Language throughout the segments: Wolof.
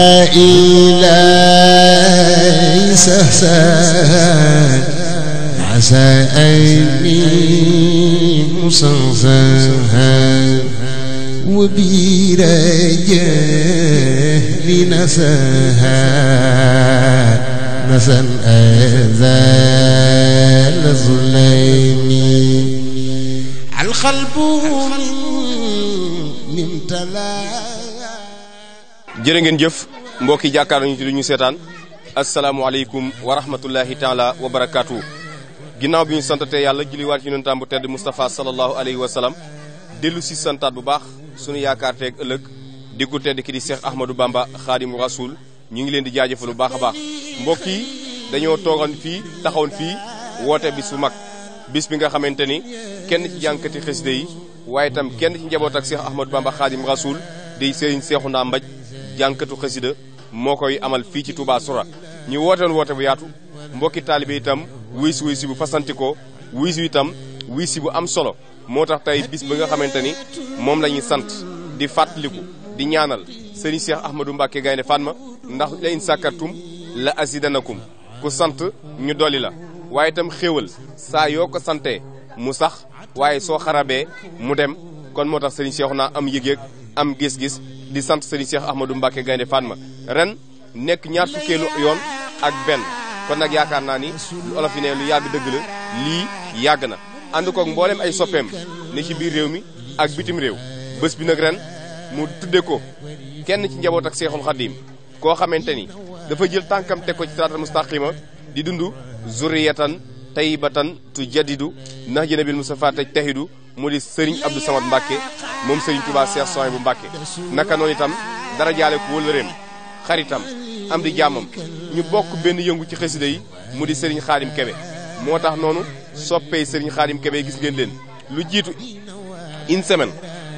إلهي سهسان عسى أني مصنفها وبرجاه لنساها نسى الأذى لظلمي القلب من امتلأ jërë ngeen jëf mbokki jàkkaar nañu ci duñu seetaan asalaamualeykum wa rahmatullahi taala wa barakaatu. ginnaaw bi ñu santatee yàlla julliwaat ci yonentam bu tedd Moustapha sallallahu alayhi wa salaam dellu si santaat bu baax sunu yaakaar teeg ëllëg di ko tedd ki di Cheikh Ahmadou Bamba xaadimu rasul ñu ngi leen di jaajëfal lu baax a baax mbokk yi dañoo toogoon fii taxawoon fii woote bis bu mag bis bi nga xamante ni kenn ci jànkati xasida yi waaye itam kenn ci njaboot ak Cheikh Ahmadou Bamba xaadim rasul di Serigne Cheikhouna Mbaj jànkatu xasida moo koy amal fii ci Touba Soura ñu wooteen woote bu yaatu mbokki taalibe itam wuy si bu fasantikoo wuy si itam bu am solo moo tax tey bis bi nga xamante ni moom la sant di fàttaliku di ñaanal sëriñ Cheikh Ahmadou Mbacke Gaynde ma ndax la in sàkkartum la azidanakum ku sant ñu dolli la waaye itam xéewal saa yoo ko santee mu sax waaye soo xarabee mu dem kon moo tax sëriñ Cheikh na am yëgeeg am gis-gis di sant sëriñ Cheikh Ahmadou Mbacke Gaynde Fatma ren nekk ñaat fukkeelu yoon ak benn kon nag yaakaar naa ni lu olof lu yàgg dëgg la lii yàgg na ànd koog mboolem ay soppeem ne ci biir réew mi ak bitim réew bés bi nag ren mu tudde ko kenn ci njaboot ak seexul xaddiim koo xamante ni dafa jël tànkam teg ko ci siraatal mustaqima di dund zurriyatan tayyibatan tu jaddidu nahja mu mustafa tahidu mu di Serigne Abdou Samad Mbacke moom Serigne Touba Cheikh Sohaï bu Mbacke naka noonu itam dara jaale ko wëllëreem xaritam am di jàmmam ñu bokk benn yëngu ci xasida mu di sëriñ Khadim Kebe moo tax noonu soppee Serigne Khadim Kebe gis ngeen leen lu jiitu une semaine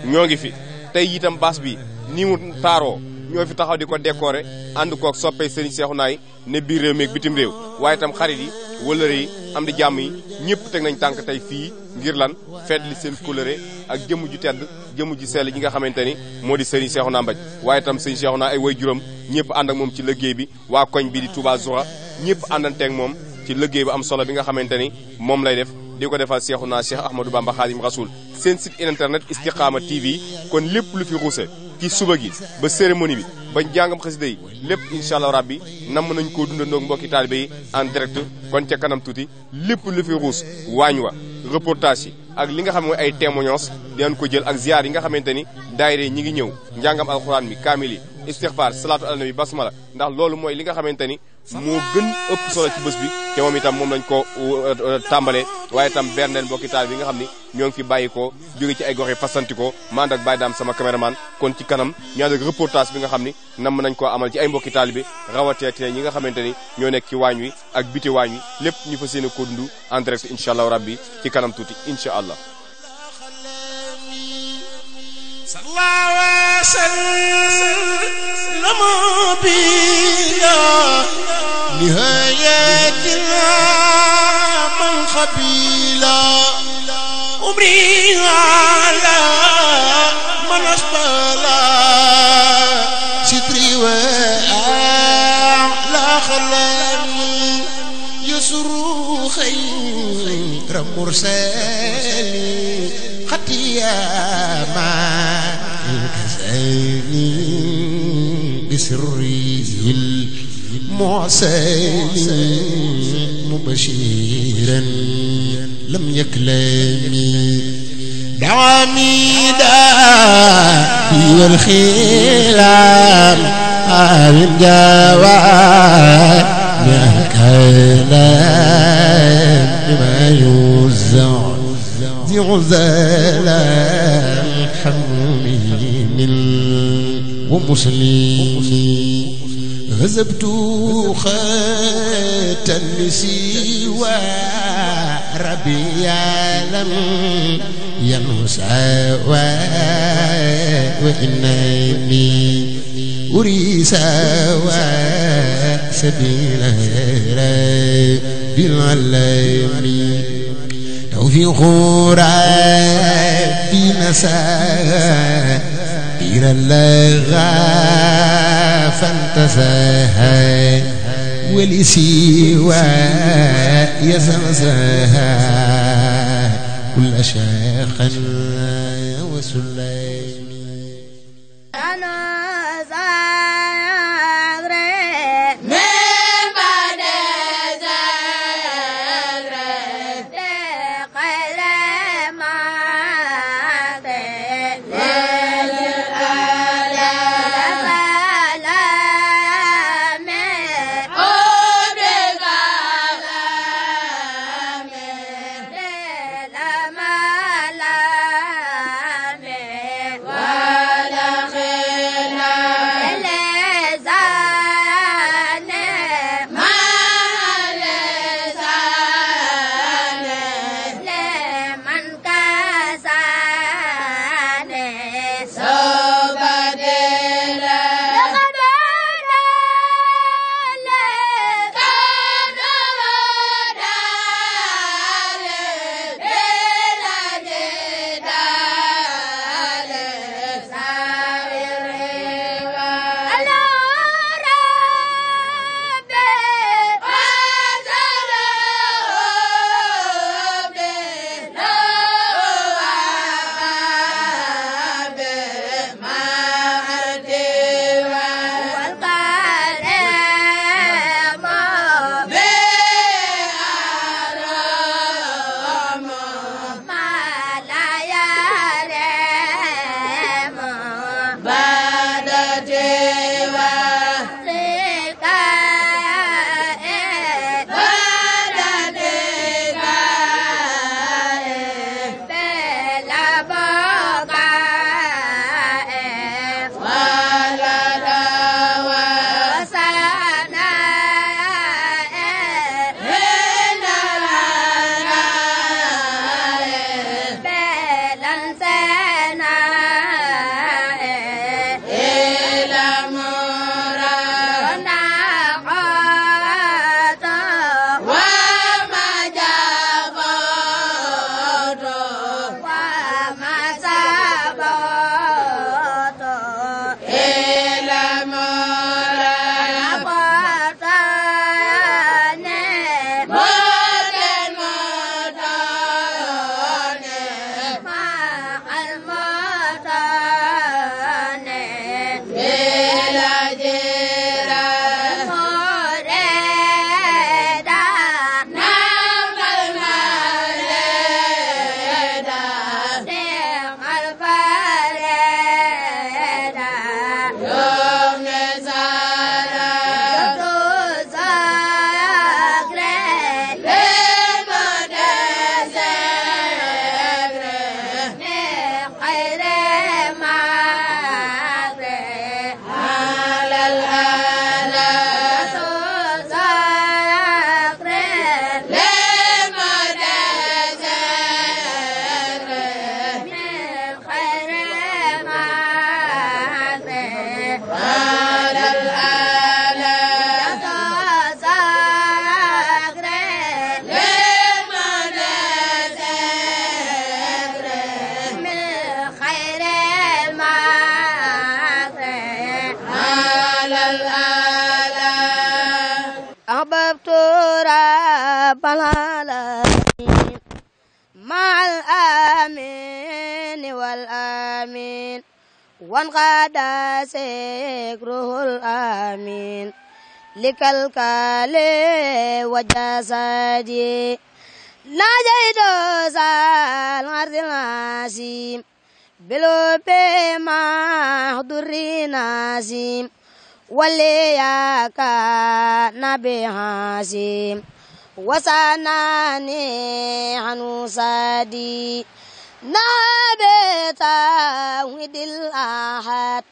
ñoo ngi fi tey itam baas bi nii mu taaroo ñoo fi taxaw di ko décorer ànd koog soppee Serigne Cheikhouna yi ne biir réew meeg bitim réew waaye itam xarit yi wëllëre yi am di jàmm yi ñëpp teg nañ tànk tey fii ngir lan feet li seen coloré ak jëmm ju tedd jëmm ju sell yi nga xamante ni moo di sëriñ Cheikhouna Mbaj waaye itam sëriñ Cheikhouna ay way juróom ñëpp ànd ak moom ci liggéey bi waa koñ bi di Touba Zoura ñëpp àndanteeg moom ci liggéey bu am solo bi nga xamante ni moom lay def di ko defal Cheikhouna Cheikh Ahmadou Bamba Khadim Rasoul seen site internet Istikhama TV kon lépp lu fi ruuse ci suba gi ba cérémonie bi ba jàngam xasida yi lépp incha allah rabbi nam nañ koo dundandoog mbokki taalibe yi en direct kon ca kanam tuuti lépp lu fi ruus waañ wa reportage yi ak li nga xam mooy ay témoignage dinañ ko jël ak ziar yi nga xamante ni yi ñu ngi ñëw njàngam alxuraan mi kaamil yi istixfaar salaatu ala nabi basmala ndax loolu mooy li nga xamante ni moo gën ëpp solo ci bës bi te moom itam moom nañ ko euh, tàmbale waaye itam berndeen mbokki taal bi nga xam ni ñoo ngi fi bàyyi ko jóge ci ay gox yi fasanti ko mand ak bàyyi daam sama caméraman kon ci kanam ñaar ak reportage bi nga xam ni nam nañ ko amal ci ay mbokki taal bi rawateetee ñi nga xamante ni ñoo nekk ci waañ wi ak biti waañ wi lépp ñu fas yéene ko dund en direct incha allah rabbi ci kanam tuuti incha allah صلى وسلم بيا نهايتنا من قبيلا أمري على من أسبلا ستري وأعلى خلاني يسر خير مرسلي خطيا ما الحسين بسره المحسن مبشرا لم يكلمي دعميدا في الخلال عالم جواد يا كلام ما يوزع ذي عزلات ومسلم غزبت ختم سوى ربي لم ينسى وإنني أري سوى سبيل رب العالمين توفيق ربي نسى غير الله فانتساها ولسوى يزمزها كل شاخ وسليم ذكره الآمين لكالكال وجسدي ناجيت سال عرض العظيم بلوب ما ضر نازيم ولياك نبي عظيم وسناني عن سادي نبي توحيد الأحد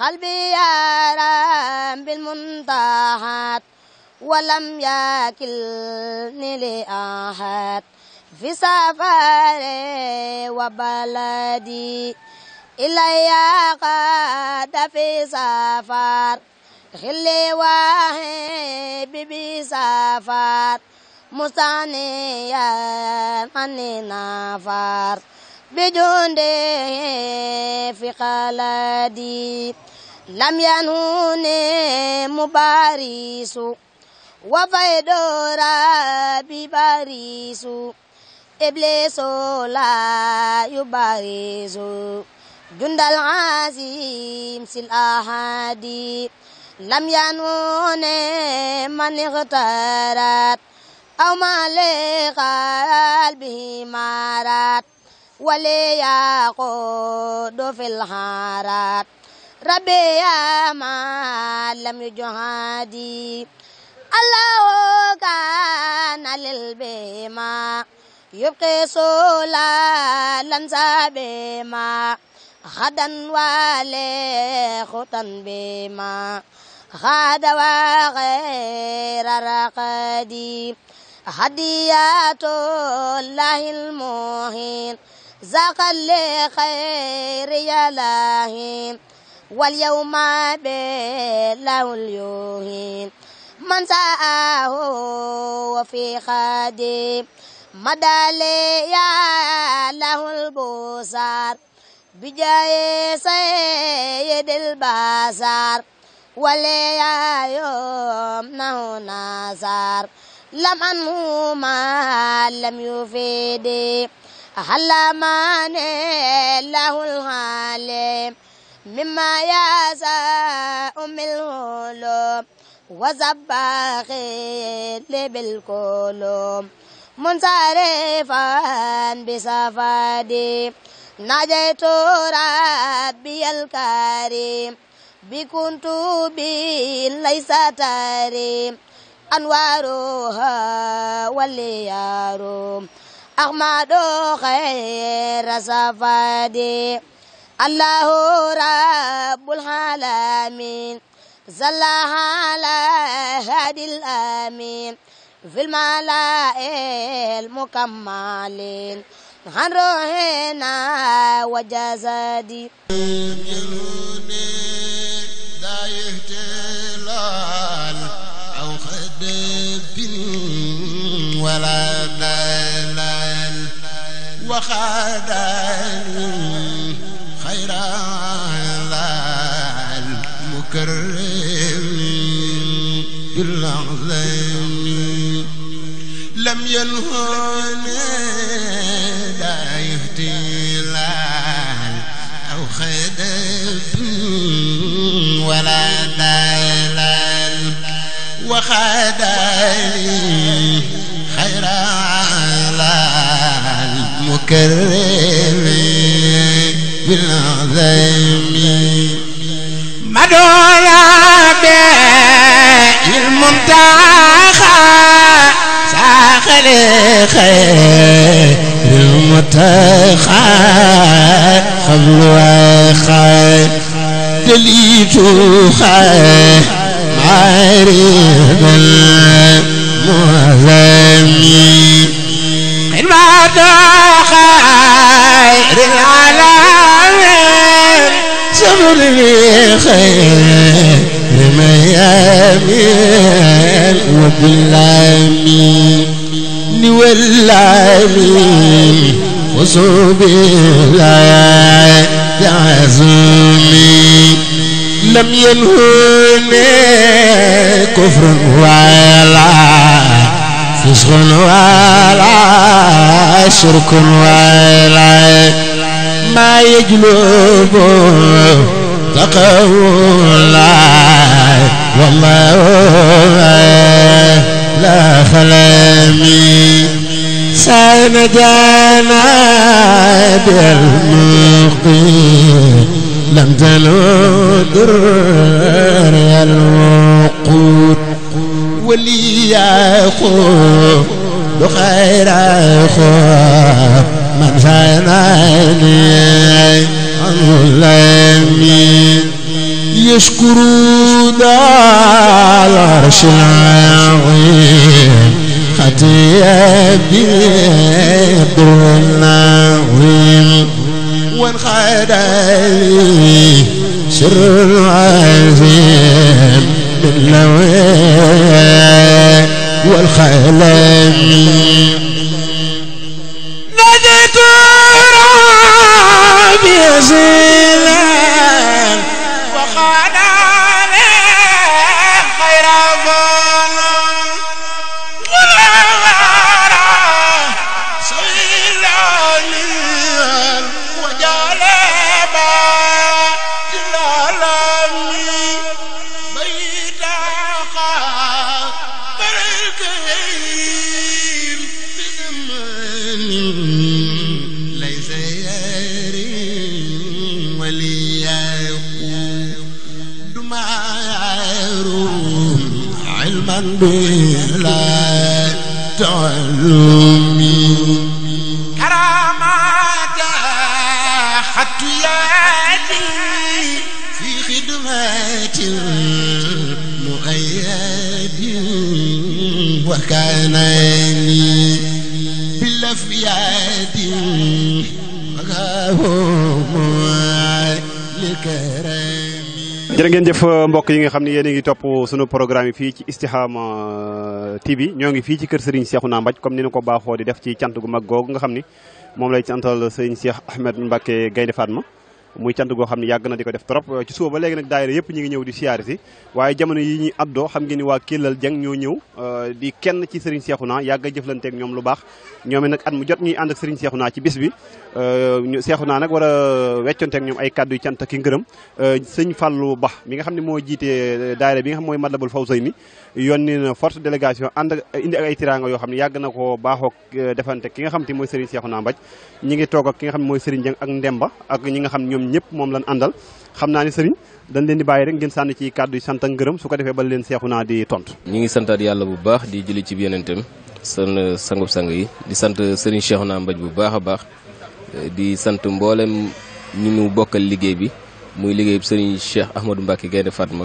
قلبي يارى بالمنتهات ولم يكلني لأحد في سفري وبلدي إلي قد في سفر خلي وهبي بسفر مستغنيا عن نفر بجند في خلدي لم ينوني مباريس وفيد ربي باريس إبليس لا يباريس جند العظيم سلأحدي لم ينوني من اغترت أو ما لقلبه مرات وليقود في الحارات ربي يا معلم جهادي الله كان للبيما يبقي سلالا سبيما غدا والي خطا بما غاد وغير رقدي هديات الله المهين زاق لخير يا لاهي واليوم بله اليوهي من سآه وفي خادي مدالي يا له البصار بجاي سيد البصار ولي يوم نه نصار لم أنه ما لم يفيدي علمان له العالم مما يشاء من العلوم وسباح بالكلوم منصرفا بسفادي نجيت ربي الكريم بكنت بي ليس تريم أنوارها وليارم أحمد خير صفادي الله رب العالمين صلى على هادي الآمين في الملائكة المكملين عن روحنا وجسدي دايه تلال أو خدي وخادني خير ذا المكرم بالعظيم لم ينهني لا يهتلال أو خدف ولا دلال وخادني كرم بالعظيم مدولا بالمنتخى ساخل خير المتخى خبل وخير دليتو خير معرفة المعظمين خدمة خير العالمين سبل خير ما يمين وبالعمين والعمين وصوب لا تعزمي لم ينهني كفر ولا نصر ولا شرك ولا ما يجلب تقولا والله لا خلامي سين جانا بالمقيم لم تلو در الوقت يعقوب بخير أخوه من فناني عنه الأمين يشكر دار العرش العظيم خطيئتي بدر النويم وانخدع لي سر العظيم النوى والخلم نجد ربي يزيد mbokk yi nga xam ne yéen a ngi topp sunu programme yi fii ci Istikhama euh, TV ñoo ngi fii ci kër Serigne Cheikhouna Mbaj comme ni na ko baaxoo di def ci cant gu mag googu nga xam ni moom lay cantal Serigne Cheikh Ahmed Mbacké Gaynde ma muy cant goo xam ne yàgg na di ko def trop ci suba ba léegi nag daayira yëpp ñu ngi ñëw di siyaare si waaye jamono yi ñuy addoo xam euh, a lu euh, euh, Ba mi nga xam ne moo jiite daayira bi nga xam mooy Madlabul Fawzayni yónni na forte délégation ànd ak indi ak ay tiraanga yoo xam ne yàgg na ko baaxoo defante ki nga xam te mooy Serigne Cheikhouna Mbaj ñi ngi toog ak ki nga xam ne mooy Serigne Dieng ak Ndemba ak ñi nga xam ñoom ñun ñëpp moom lañ àndal xam naa ni sëriñ dañ leen di bàyyi rek ngeen sànni ci kàddu yi sant ngërëm su ko defee ba leen seexu naa di tontu. ñu ngi santaat yàlla bu baax di jëli ci yonentam seen sangub sangu yi di sant sëriñ Cheikh naa Mbaj bu baax a baax di sant mboolem ñu mu bokkal liggéey bi muy liggéey bi sëriñ Cheikh Ahmadou Mbacke Gaynde Fatma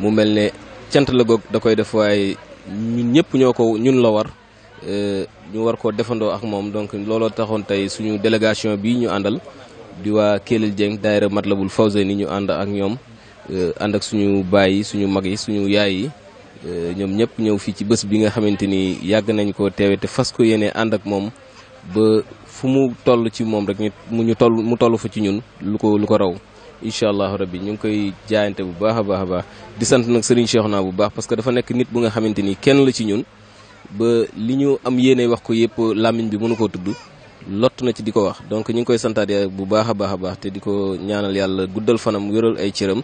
mu mel ne cant la goog da koy def waaye ñun ñëpp ñoo ko ñun la war euh, ñu war koo defandoo ak moom donc looloo taxoon tey suñu délégation bi ñu àndal di waa Kelel Dieng daayira Matlabul Fawzayni ni ñu ànd ak ñoom euh, ànd ak suñu baay suñu mag yi suñu yaay yi euh, ñoom ñëpp ñëw fii ci bës bi nga xamante ni yàgg nañ ko teewe te fas ko yéene ànd ak moom ba fu mu toll ci moom rek mu ñu toll mu toll fa ci ñun lu ko lu ko raw incha allahu rabbi ñu ngi koy jaayante bu baax a baax a baax di sant nag Serigne Cheikhouna bu baax parce que dafa nekk nit bu nga xamante ni kenn la ci ñun ba li ñu am yéene wax ko yëpp làmmiñ bi mënu koo tudd lott na ci di ko wax donc ñu ngi koy santaat yàlla bu baax a baax a baax te di ko ñaanal yàlla guddal fanam wéral ay cëram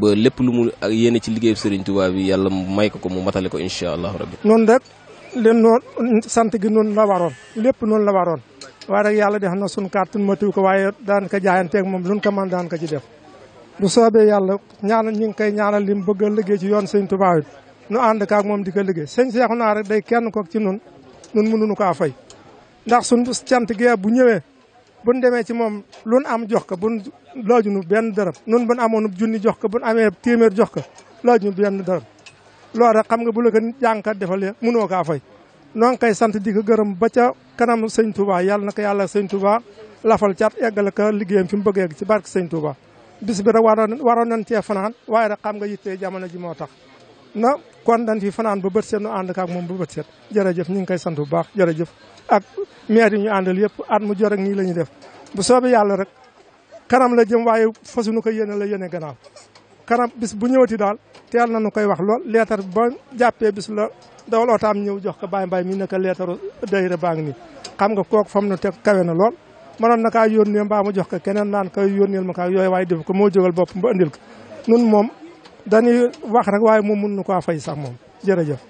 ba lépp lu mu ak yéene ci liggéeyu Sëriñ Tuubaa bi yàlla may ko ko mu matale ko incha allahu rabbi noonu rek leen noonu sant gi noonu la waroon lépp noonu la waroon waaye rek yàlla def na suñ ma matiw ko waaye daan ko jaayanteeg moom luñ ko mën daan ko ci def bu soobee yàlla ñaanal ñu ngi koy ñaanal li mu bëgg a liggéey ci yoon Sëriñ Tuubaa bi nu ànd kaak moom di ko liggéey sëñ kenn ko ci nun mënuñu kaa fay ndax suñ cant gi bu ñëwee buñ demee ci moom lun am jox ko buñ loojuñu benn dërëm nun buñ amoon junni jox ko buñ amee téeméer jox ko loojuñu benn dërëm loolu rek xam nga bu la ko jànkat defalee mënoo kaa fay noo ngi koy sant di ko gërëm ba ca kanam sëñ Touba yàlla na ko yàlla sëñ Touba lafal cat eggale ko liggéeyam fi mu bëgg egg ci barke sëñ Touba bis bi rek waroon waroon nañ cee fanaan waaye rek xam nga yittee jamono ji moo tax na kon dan fi fanaan ba bët seet nu ànd kaak moom ba bët seet jërëjëf ñu ngi koy sant bu baax jërëjëf ak maire yi ñu àndal yëpp at mu jor ak nii la ñuy def bu soobee yàlla rek kanam la jëm waaye nu ko yéene la yéene gannaaw kanam bis bu ñëwati daal teel na nu koy wax lool leetar ba jàppee bis la dawal ootaam ñëw jox ko Baye Mbaye mi naka leetaru dayira baa ngi nii xam nga kook fam nu teg kawe na lool mënoon na kaa yónnee mbaa mu jox ko keneen naan koy yónneel ma kaa yooyu waaye def ko moo jógal bopp ba indil ko nun moom dañuy wax rek waaye moom mun koo fay sax moom jërëjëf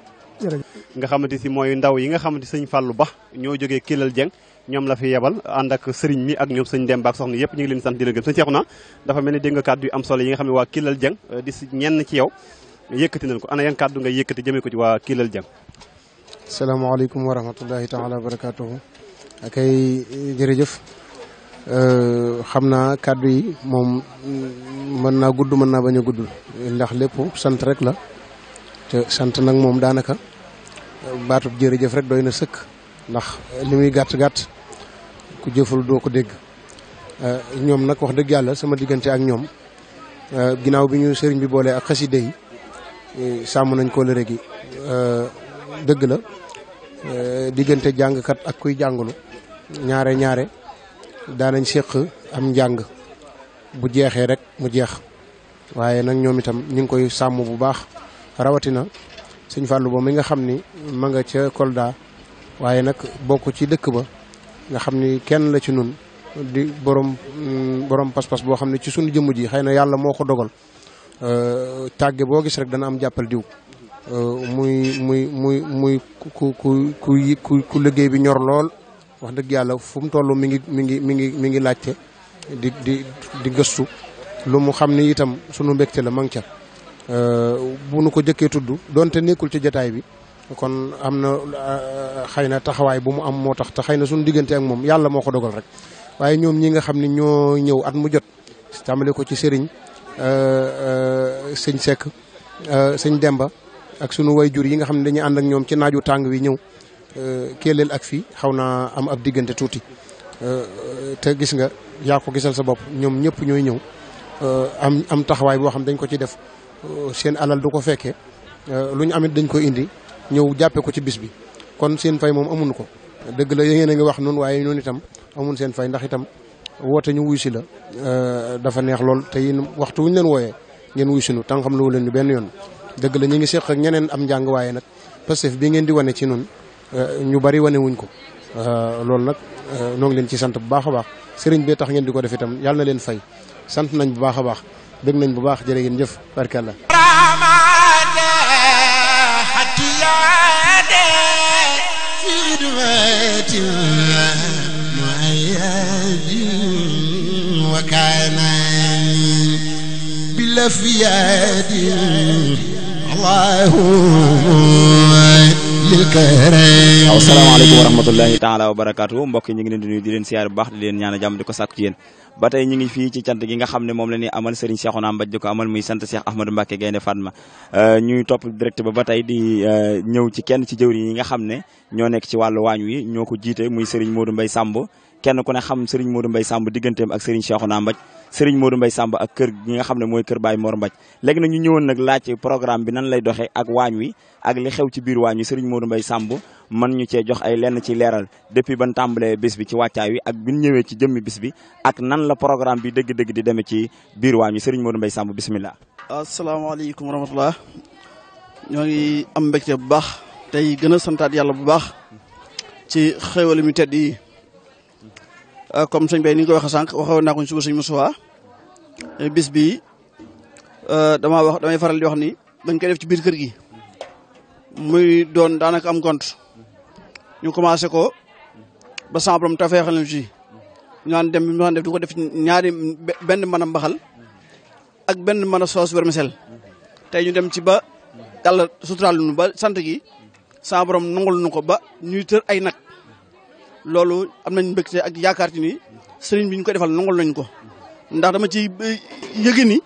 jërëjëf nga xamante si mooy ndaw yi nga xamante sëñ Fallou Ba ñoo jógee Kilal Dieng ñoom la fi yebal ànd ak sëriñ mi ak ñoom sëñ Demba ak soxna yëpp ñu ngi leen sant di la gëm sëñ Cheikh na dafa mel ni dégg nga kàddu yu am solo yi nga xam ne waa Kilal Dieng eh, di si ñenn ci yow yëkkati nañ ko ana yan kàddu nga yëkkati jëmee ko ci waa Kilal Dieng salaamaaleykum wa rahmatullahi taala wa barakatuhu akay jërëjëf eh, xam naa kàddu yi moom mm, mën naa gudd mën naa bañ a gudd ndax lépp sant la sant nag moom daanaka baatub jërëjëf rek doy na sëkk ndax li muy gàtt gàtt ku jëful doo ko dégg eh, ñoom nag wax dëgg yàlla sama diggante ak ñoom eh, ginnaaw bi ñu sëriñ bi boolee ak xaside yi eh, sàmm nañ ko lëre gi dëgg la diggante jàngkat ak kuy jàngulu ñaare ñaare daanañ séq am njàng bu jeexee rek mu jeex waaye nag ñoom itam ñu ngi koy sàmm bu baax rawatina sëñ Fallou ba mi nga xam ni ma nga ca Kolda waaye nag bokk ci dëkk ba nga xam ni kenn la ci nun di borom mm, borom pas-pas boo xam ne ci sunu jëmm ji xëy na yàlla moo ko dogal euh, tàgge boo gis rek dana am jàppal diw euh, muy muy muy muy ku ku ku ku liggéey bi ñor lool wax dëgg yàlla fu mu toll mi ngi mi ngi mi ngi mi ngi laajte di di di gëstu lu mu xam ni itam sunu mbégte la ma ca Euh, bu nu ko jëkkee tudd donte nekkul ci jataay bi kon am na euh, xëy na taxawaay bu mu am moo tax te xëy na suñu diggante ak moom yàlla moo ko dogal rek waaye ñoom ñi nga xam ne ñoo ñëw at mu jot tàmbale ko ci sëriñ euh, sëñ Seck sëñ Demba ak sunu wayjur yi nga xam ne dañuy ànd ak ñoom ci naaju tàng wi ñëw kéeleel ak fi xaw naa am ab diggante tuuti te gis nga yaa ko gisal sa bopp ñoom ñëpp ñooy ñëw am am taxawaay boo xam dañ ko ci def seen alal du ko fekkee euh, lu ñu amit dañ ko indi ñëw jàppe ko ci bis bi kon seen fay moom amun ko dëgg la yéen a ngi wax noonu waaye noonu itam amun seen fay ndax itam woote ñu wuy si la euh, dafa neex lool te yéen waxtu wuñu leen ngeen wuy sinu tànga xam leen ñu benn yoon dëgg la ñu ngi seq ak ñeneen am njàng waaye nag Pastef bi ngeen di wane ci noonu euh, ñu bari wane wuñ ko loolu nag noo ngi leen ci sant bu baax a baax sëriñ bee tax ngeen di ko def itam yàlla na leen fay sant nañ bu baax a baax dëgg nañ bu baax jërë ngeen jëf barkalla بلفياد الله waaw salaamaaleykum wa rahmatullahi taala wa barakaatu mbokk yi ñu ngi leen di nuyu di leen siyaar bu baax di leen ñaan jàmm di ko sàkku ci yéen ba tey ñu ngi fii ci cant gi nga xam ne moom la ñuy amal Serigne Cheikhouna Mbaj di ko amal muy sant Cheikh Ahmadou Mbacke Gaynde Fatma euh, ñuy topp direct ba ba tey di euh, ñëw ci kenn ci jëwriñ ñi nga xam ne ñoo nekk ci wàllu waañ wi ñoo ko jiite muy Serigne Modou mbay Samb kenn ku ne xam seriñ Modou mbay Samb digganteem ak Serigne Cheikhouna Mbaj moo Modou mbay Samba ak kër gi nga xam ne mooy kër Baye Mor Mbaj léegi nag ñu ñëwoon nag laaj programme bi nan lay doxee ak waañ wi ak li xew ci biir waañ wi Serigne Modou Mbaye Samba man ñu cee jox ay lenn ci leeral depuis ban tàmbalee bis bi ci wàccaay wi ak bi ñu ñëwee ci jëmmi bis bi ak nan la programme bi dëgg-dëgg di demee ci biir waañ wi Serigne Modou Mbaye Samba bisimilah. asalaamaaleykum wa rahmatulah ñoo ngi am mbégte bu baax tey gën a santaat yàlla bu baax ci mi tedd yi comme sëñ ko waxee sànq waxoon naa ko suba sëñ Moussa Eh, bis bi eh, dama wax damay faral di wax ni dañ koy def ci biir kër gi muy doon daanaka am compte ñu commencé ko ba sama borom tafeexal ñu ci ñu dem ñu naan def di ko def ñaari benn mën a mbaxal ak benn mbana a soos vermicelle tey ñu dem ci ba yàlla suturaal nu ba sant gi sama borom nangul nu ko ba ñuy tër ay nag loolu am nañ mbégte ak yaakaar ci ni sëriñ bi ñu ko defal nangul nañ ko ndax dama ci eh, yëge ni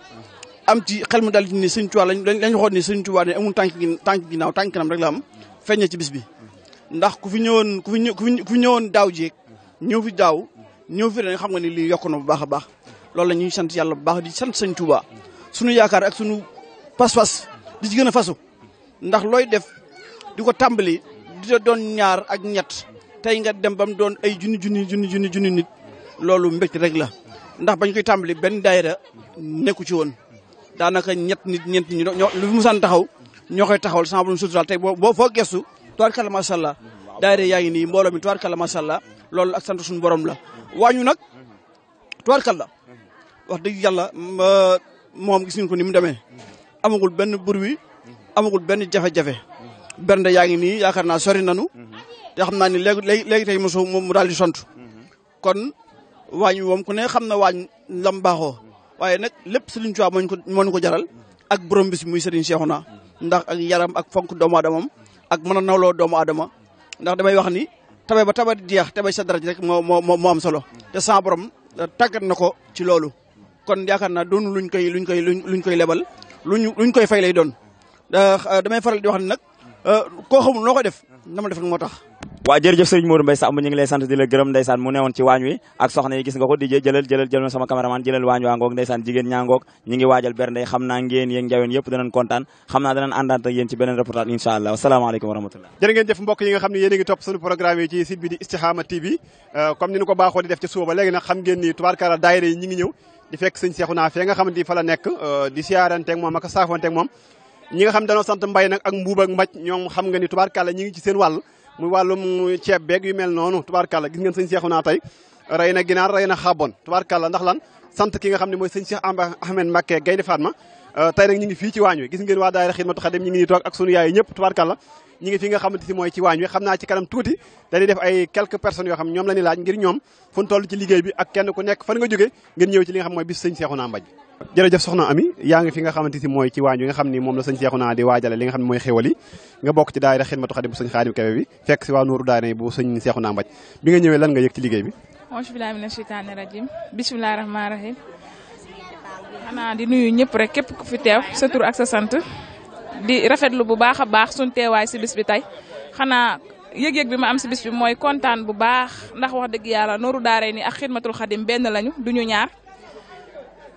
am ci xel mu dal ci ni sëñ Tuubaa lañ lañ waxoon ni sëñ Tuubaa ne amul tànk tànk ginnaaw tànk kanam rek am feeñ ci bis bi ndax ku fi ñëwoon ku fi ku fi ñëwoon daaw jéeg ñëw fi daaw ñëw fi ren xam nga ni lii yokku na bu baax a baax loolu la ñuy sant yàlla bu baax di sant sëñ Tuubaa suñu yaakaar ak suñu pas-pas di ci gën a fasu ndax looy def di ko tàmbali di doon ñaar ak ñett tey nga dem ba mu doon ay junni junni junni junni junni nit loolu mbégte rek la ndax bañ koy tàmbali benn daayira nekku ci woon daanaka ñett nit ñeent ñu ñoo lu mu taxaw ñoo koy taxawal sama borom suturaal tey boo boo foo gestu tubaarkalla macha allah daayira yaa ngi nii mbooloo mi tubaarkalla macha allah loolu ak sant suñu borom la waañu nag tubaarkalla wax dëgg yàlla moom gis ngeen ko ni mu demee amagul benn bruit amagul benn jafe-jafe benn yaa ngi nii yaakaar naa sori nanu te xam naa ni léegi léegi tey mosoo mu daal di sont waañ woom ku ne xam na waañ lam baaxoo waaye nag lépp Serigne Touba moo ñu ko moo ñu ko jaral ak borom bis muy Serigne Cheikhouna ndax ak yaram ak fonk doomu aadamam ak mën a nawloo doomu aadama ndax damay wax ni tabe ba tabe jeex tabe sa dara rek moo moo moo am solo te sa borom eh, tàggat na ko ci loolu kon yaakaar naa doon luñ koy luñ koy luñ koy lebal luñ luñ koy fay lay doon eh, eh, damay faral di wax ni nag koo xamul noo koy def na ma def moo tax waaw jërëjëf sëriñ Modou Mbaye Samb ñu ngi lay sant di la gërëm ndeysaan mu newoon ci waañ wi ak soxna yi gis nga ko jëlal jëlal jëlal sama caméraman jëlal waañ waa ngoog ndeysaan jigéen ñaa ngoog ñu ngi waajal bernde xam naa ngeen yéen njaween yëpp danañ kontaan xam naa danañ àndaat ak yéen ci beneen reportage incha allah wasalaamaaleykum wa rahmatullah jërë ngeen jëf mbokk yi nga xam ne yéen a programme ci site bi di Istikhama TV euh, comme ni ñu ko baaxoo muy wàllum ceeb beeg yu mel noonu tubaarkàlla gis ngeen sëñ Seexu naa tey rey na ginaar rey na xabon tubaarkàlla ndax lan sant ki nga xam ne mooy sëñ Cheikh Ahmed Mbacké Gaynde Fatma euh, tey nag ñi ngi fii ci waañ wi gis ngeen waa toog ak sunu yaay ñëpp tubaarkàlla ñi ngi fi nga xamante si mooy ci waañ wi xam naa ci kanam tuuti dañuy def ay quelques personnes yoo xam ñoom la ñuy laaj ngir ñoom fu ñu toll ci liggéey bi ak kenn ku nekk fan nga jóge ngir ñëw ci li nga xam mooy bis sëñ Seexu jërëjëf soxna Ami yaa ngi fi nga xamante si mooy ci waañ wi nga xam ni moom la sëñ Seexuna di waajale li nga xam ne mooy xéwal yi nga bokk ci daayira xidmatu xadim bu sëñ Xaadim Kebe bi nga ñëwee lan nga yëg ci liggéey bi auzu billaahi mina sheytaani rajim xanaa di nuyu ñëpp rek képp ku fi teew sa tur ak sa sant di rafetlu bu baax a baax suñ teewaay si bis bi tey xanaa yëg-yëg bi ma am si bis bi mooy kontaan bu baax ndax wax dëgg yàlla nooru daare ni ak xidmatul xadim benn lañu duñu ñaar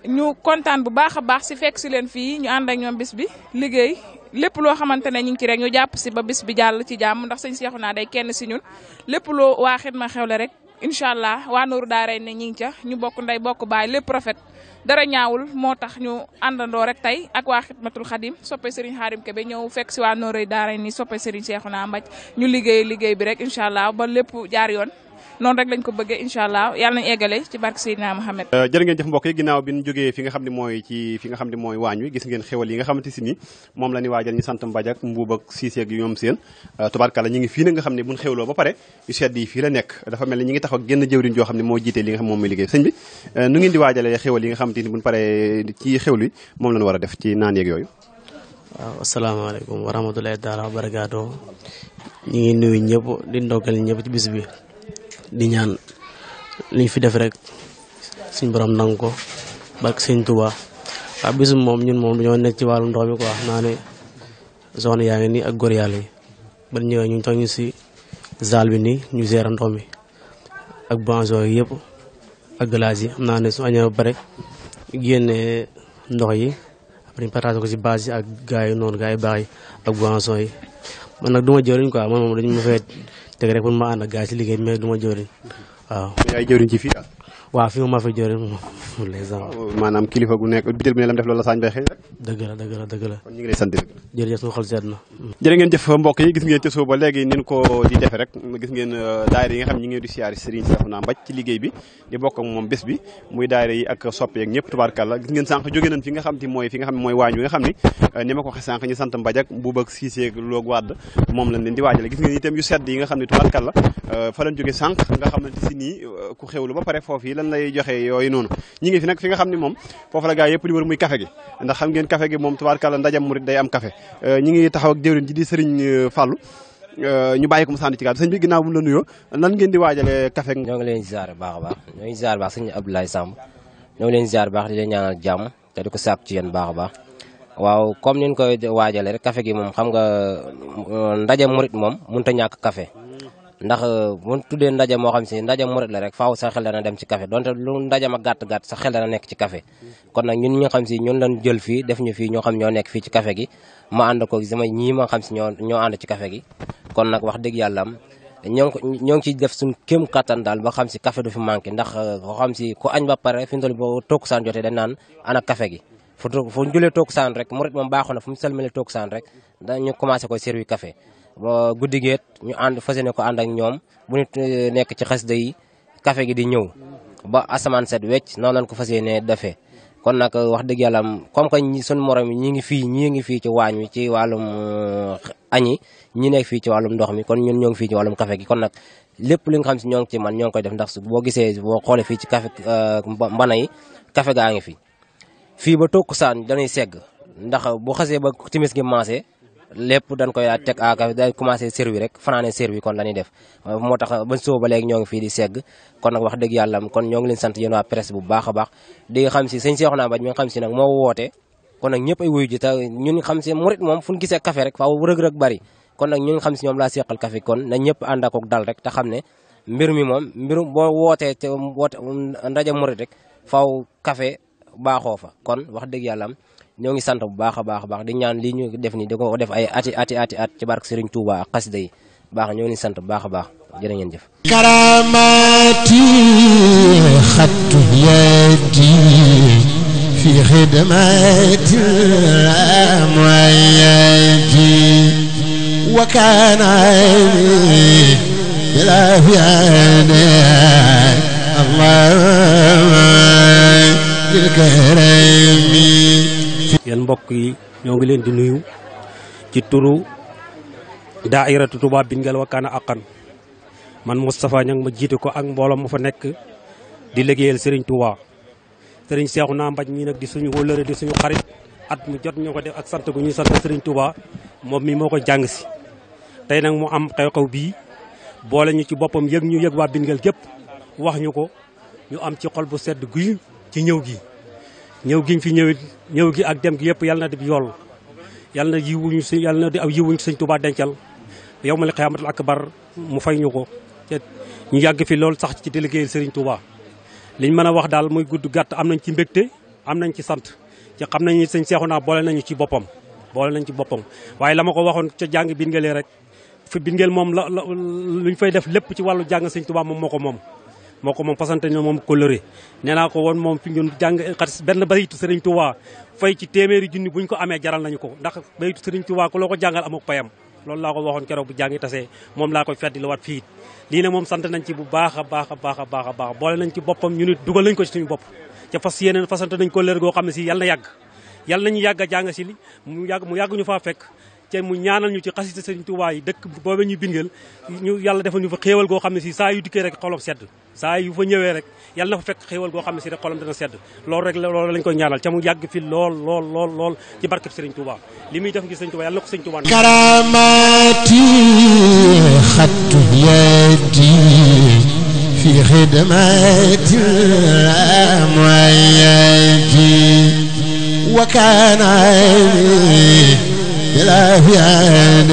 ñu kontaan bu baax a baax si fekk si leen fii ñu ànd ak ñoom bis bi liggéey lépp loo xamante ne ñu ngi ci rek ñu jàpp si ba bis bi jàll ci jàmm ndax sëñ Seexu naa day kenn si ñun lépp loo ma Xidma Xewle rek incha allah waa Nooru Daara ne ñu ngi ca ñu bokk nday bokk baay lépp rafet dara ñaawul moo tax ñu àndandoo rek tey ak waa Xidmatul Xadim soppe Serigne Xaarim Kebe ñëw fekk si waa Nooru Daara ni soppe Serigne Seexu naa Mbaj ñu liggéey liggéey bi rek incha allah ba lépp jaar yoon noonu rek lañ ko bëggee incha allah yàlla nañ eggale ci barke Seydina Mohamed euh, jërë ngeen jëf ne mooy ci ne mooy waañ wi gis ngeen xewal yi nga xamante si ni moom la euh, ñu ngi fii na nga xam ne buñ xewloo ba pare yu sedd yi fii la nekk dafa mel ne ñu ngi tax ak génn jëwriñ joo xam ne moo jiitee li nga xam moom mooy liggéey sëñ bi euh, nu ngeen di waajalee lañu war a def ci naan yeeg yooyu waaw asalaamaaleykum wa rahmatulahi taala wa barakaatu ngi nuyu ñëpp di ndogal ñëpp ci bis bi di ñaan liñ fi def rek suñ borom nangu ko barke sëñ Touba waaw bisum moom ñun moom ñoo nekk ci wàllu ndox mi quoi naa ne zone yaa ngi nii ak góor yàlla yi ba ñëwee ñu toog ñu si zaal bi nii ñu gérer ndox mi ak banjo yi yëpp ak glace yi am naa ne su añee ba pare génnee ndox yi après ñu partage ko si base yi ak gaay yi noonu gars baax yi ak boisson yi man nag du ma jëriñ quoi man moom dañu ma fee dëgg rek man maa ànd ak gars liggéey mais du ma jëwriñ waaw. mais yaay jëwriñ ci fii ah. waaw fi mu ma fi jëriñ moom maanaam kilifa gu nekk bitir bi ne lam def loolu la saañ bay xëy rek. dëgg la dëgg mbokk yi gis ngeen ca suba léegi nin ko di defe rek gis ngeen euh, daayira yi yi ñëpp tubaarkàlla gis ngeen sànq jóge nga xam ti mooy fi nga xam ne mooy waañ wi nga xam ni euh, ni ma ko waxee sànq ñu sant Mbaj ak Buub Loog Wàdd moom lañ leen di waajale gis ngeen itam yu sedd yi nga xam ne tubaarkàlla euh, fa lañ jóge sànq nga xam ne si nii ku xewlu ba pare foofu yi dañ lay joxe yooyu noonu ñi ngi ne moom foofu la gaa yëpp di wër muy café gi ndax xam ngeen café euh, euh, euh, ko mu sànni ci kàddu sëñ bi la nuyoo lan ngeen di waajale café ñoo ngi leen ziar baax a baax ñoo ngi ziar baax sëñ Abdoulaye Samb ñoo ngi leen ziar baax ko sàpp ci baax a baax waaw comme niñ koy waajale rek café gi moom xam nga ndaje murit moom mënut a ñàkk café ndax bu euh, tuddee ndaje moo xam si ndaje murit la rek faaw sa xel dana dem ci café donte lu ndaje ma gàtt gàtt sa xel dana nekk ci café kon nag ñun ñi nga xam si jël fii def ñu fii ñoo xam ñoo nekk fii ci kafe gi ma ànd ñoo ñoo ànd ci café kon nag wax dëgg yàlla am ñoo ngi ñoo ngi ciy def suñ kéem kattan daal ba xam si café du fi manqué ndax ko euh, xam si ku añ ba pare fi mu toll boo toog saan jotee dañ naan ana café gi fu fu ñu rek murit moom baaxu na fu mu salmale toog saan rek dañu commencé koy servir café ba guddi geet ñu ànd fas yéene ko ànd ak ñoom bu eh, nekk ci xasida yi café gi di ñëw ba asamaan set wecc noonu lan ko fas yéene defee kon nag eh, wax dëgg yàlla comme que suñ morom yi ñi ngi fii ñii ngi fii ci waañ wi ci wàllum eh, añi ñi nekk fii ci wàllum ndox mi kon ñun ñoo fii ci wàllum café gi kon nag lépp li nga xam si ñoo ngi man ñoo ngi koy def ndax boo gisee boo xoolee fii ci café mbana yi café gaa ngi fi fii ba tokku saan dañuy segg ndax bu xasee ba timis gi maase lépp dañ koy teg ak day commencé servi rek fanaane servi kon la ñuy def moo tax ba soo ba léegi ñoo ngi fii di segg kon nag wax dëgg yàlla kon ñoo ngi leen sant yéen waa presse bu baax a baax di xam si sëñ Seexuna Mbaaj mi si nag moo woote kon nag ñëpp ay wuyu ji xam si murit moom fu ñu gisee café rek faaw rëg-rëg bari kon nag ñu ngi xam si ñoom laa seqal café kon na ñëpp ànd ak dal rek te xam ne mbir mi moom mbiru boo wootee te woote ndaje murit rek faaw café baaxoo fa kon wax dëgg yàlla ñoo ngi sant bu baax a baax a baax di ñaan lii ñu def nii da ko def ay ati ati ati at ci barke Serigne Touba ak xasida yi baax ñoo ngi sant bu baax a baax jërë ngeen jëf. karamati xattu yadi fi xidmati amwayati wa kaana ayni bila fiyani allah lil karami yéen mbokk yi ñoo ngi leen di nuyu ci turu daairatu Touba Binguel Wakana Haqqan man Moustapha Niang ma jiite ko ak mbooloo mu fa nekk di liggéeyal Serigne Touba Serigne Cheikhouna Mbaj mii nag di suñu wóllëre di suñu xarit at mu jot ñu ko def ak sant gu ñuy sant sëriñ Touba moom mii moo ko jàng si tey nag mu am xew-xew bii boole ñu ci boppam yëg ñu yëg waa Binguel gépp wax ñu ko ñu am ci xol bu sedd guy ci ñëw gi ñëw giñ fi ñëwit ñëw gi ak dem gi yëpp yàlla na di yool yàlla na yiwuñu si yàlla na di ak yiwuñu sëñ Tuubaa dencal yow ma li xiyaamatul bar mu fay ñu ko te ñu yàgg fi lool sax ci di liggéeyal sëriñ Tuubaa liñ mën a wax daal muy gudd gàtt am nañ ci mbégte am nañ ci sant ci xam nañu ni sëñ naa boole nañu ci boppam boole nañ ci boppam waaye la ma ko waxoon ca jàng bind nga rek fi bind ngeen moom la luñ fay def lépp ci wàllu jàng sëñ Tuubaa moom moo ko moom moo ko moom fasante ñoo moom kóllëre nee naa ko woon moom fi ngeen jàng xat benn bayitu Serigne Touba fay ci téeméeri junni buñ ko amee jaral nañu ko ndax bayitu Serigne Touba ku loo ko jàngal amuk payam loolu laa ko waxoon keroog bu jàngi tasee moom laa koy feddi la waat fii lii ne moom sant ci bu baax a baax a baax a baax a baax boole nañ ci boppam ñu nit dugal nañ ko ci suñu bopp ca fas yéeneen fasante nañ kóllëre goo xam ne si yàlla na yàgg yàlla nañu yàgg a jàng si mu yàgg mu te mu ñaanal ñu ci xasida sëriñ Tuubaa yi dëkk booba ñu bingeel ñu yàlla defal ñu fa goo xam ne si saa yu dikkee rek xolam sedd saa yu fa ñëwee rek yàlla na fa fekk xéewal goo xam ne si rek xolam dana sedd lool rek loolu lañ koy ñaanal ca mu yàgg fi lool lool lool lool ci barkeb sëriñ Tuubaa li muy def ngi sëriñ Tuubaa yàlla na ko sëriñ Tuubaa karamati xattu yadi fi xidmati amayati wa kaana yi nga xam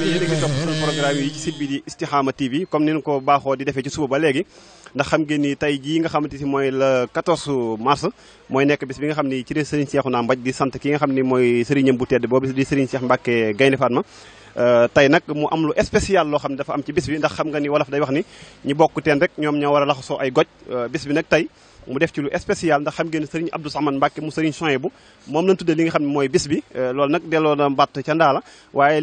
ne yéen a ngi topp sunu programme yi ci site bi di Istikhama TV comme ni ko baaxoo di defee ci suba ba léegi ndax xam ngeen ni tey jii nga xamante si mooy le 14 mooy nekk bis bi nga xam ni ci la Serigne Cheikhouna Mbaj di sant ki nga xam ni mooy sëriñam bu tedd boobu di Serigne Cheikh Mbacke Gaynde Fatma tey nag mu am lu spécial loo xam ne dafa am ci bis bi ndax xam nga ni wolof day wax ni ñu bokk teen rek ñoom ñoo war a laxasoo ay goj euh, bis bi nag tey mu def ci lu spécial ndax xam ngeen ne sëriñ Abdou Samane Mbacke mu sëriñ Souhaïbou moom lañ tuddee li nga xam ne mooy bis bi euh, loolu nag delloo na mbatt ca ndaala waaye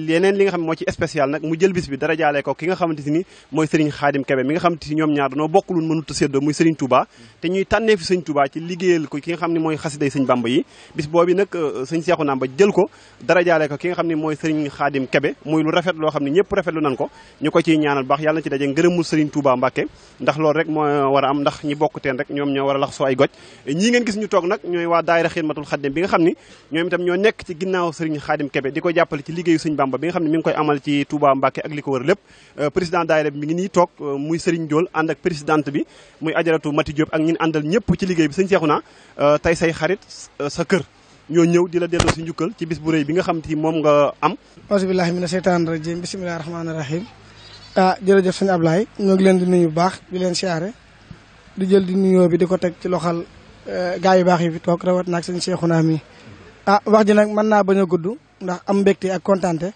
mu jël bis bi dara jaale ko ki nga xamante ni mooy sëriñ Khadim Kebe mi nga xamante ni ñoom ñaar a séddoo muy sëriñ Touba te ñuy tànnee fi sëriñ Touba ci liggéeyal ko bis boobu nag sëriñ euh, Seexu Namba jël ko dara jaale ko ki nga xam ne mooy sëriñ Khadim Kebe muy lu rafet loo xam ne ñëpp rafetlu nan ko ñu ko ciy ñaanal baax yàlla na ci daje ngërëmul sëriñ Touba Mbacke ndax loolu rek moo war a am ndax ñi bokk teen rek ñoom ñoo war a laxasoo ay goj ñii ngeen gis ñu toog nag ñooy waa daayira xidmatul xaddim bi nga xam ni ñoom itam ñoo nekk ci ginnaaw sëriñ xaadim kebe di ko jàppale ci liggéeyu sëñ bamba bi nga xam ne mi ngi koy amal ci euh, bi mi ngi nii toog euh, muy sëriñ Jool euh, la delloo si njukkal ci bis bu rëy bi nga xam te seytaan rajim bismillahi rahmaani rahim ah jërëjëf sëñ Ablaye ñoo ngi leen di nuyu baax di leen siyaare di jël di nuyoo bi di ko teg ci loxal eh, gaa yu baax yi fi toog rawat naag sëñ naa mii ah wax ji nag mën naa bañ a gudd ndax am mbégte ak kontaante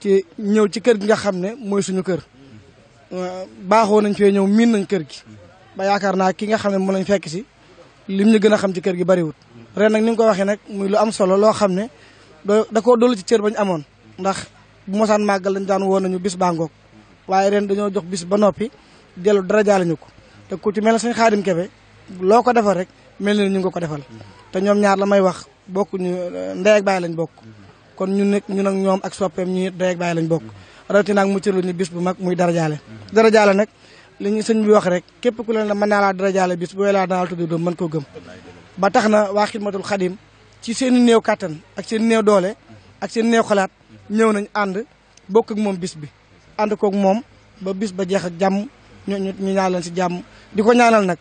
ci ñëw ci kër gi nga xam ne mooy suñu kër eh, baaxoo nañ fee ñëw miin nañ kër gi ba yaakaar naa ki nga xam ne mu lañ fekk si lim ñu gën a xam ci kër gi bariwul ren nag ni nga ko waxee nag muy lu am solo loo xam ne da koo dollu ci cër bañ amoon ndax bu mosaan màggal lañ daan woon nañu bis baa ngoog waaye ren dañoo jox bis ba noppi dellu dara jaale ñu ko te ku ci mel na sëñ Xaadim Kebe loo ko defal rek mel ni ñu ngi ko defal te ñoom ñaar la may wax bokkuñu ndey ak baay lañ bokk kon ñun nag ñun ak ñoom ak soppeem ñu ndey ak baay lañ bokk rawatina ak mu cërlu bis bu mag muy darajaale darajaale nag li sëñ bi wax rek képp ku leen la mën naa laa bis bu laa daal tudd doom mën koo gëm ba tax na waa xidmatul xadim ci seen néew kàttan ak seen néew doole ak seen néew xalaat ñëw nañ ànd bokk moom bis bi ànd kook moom ba bis ba jeex ak jàmm ñu ñu ñaan leen si jàmm di ko ñaanal nag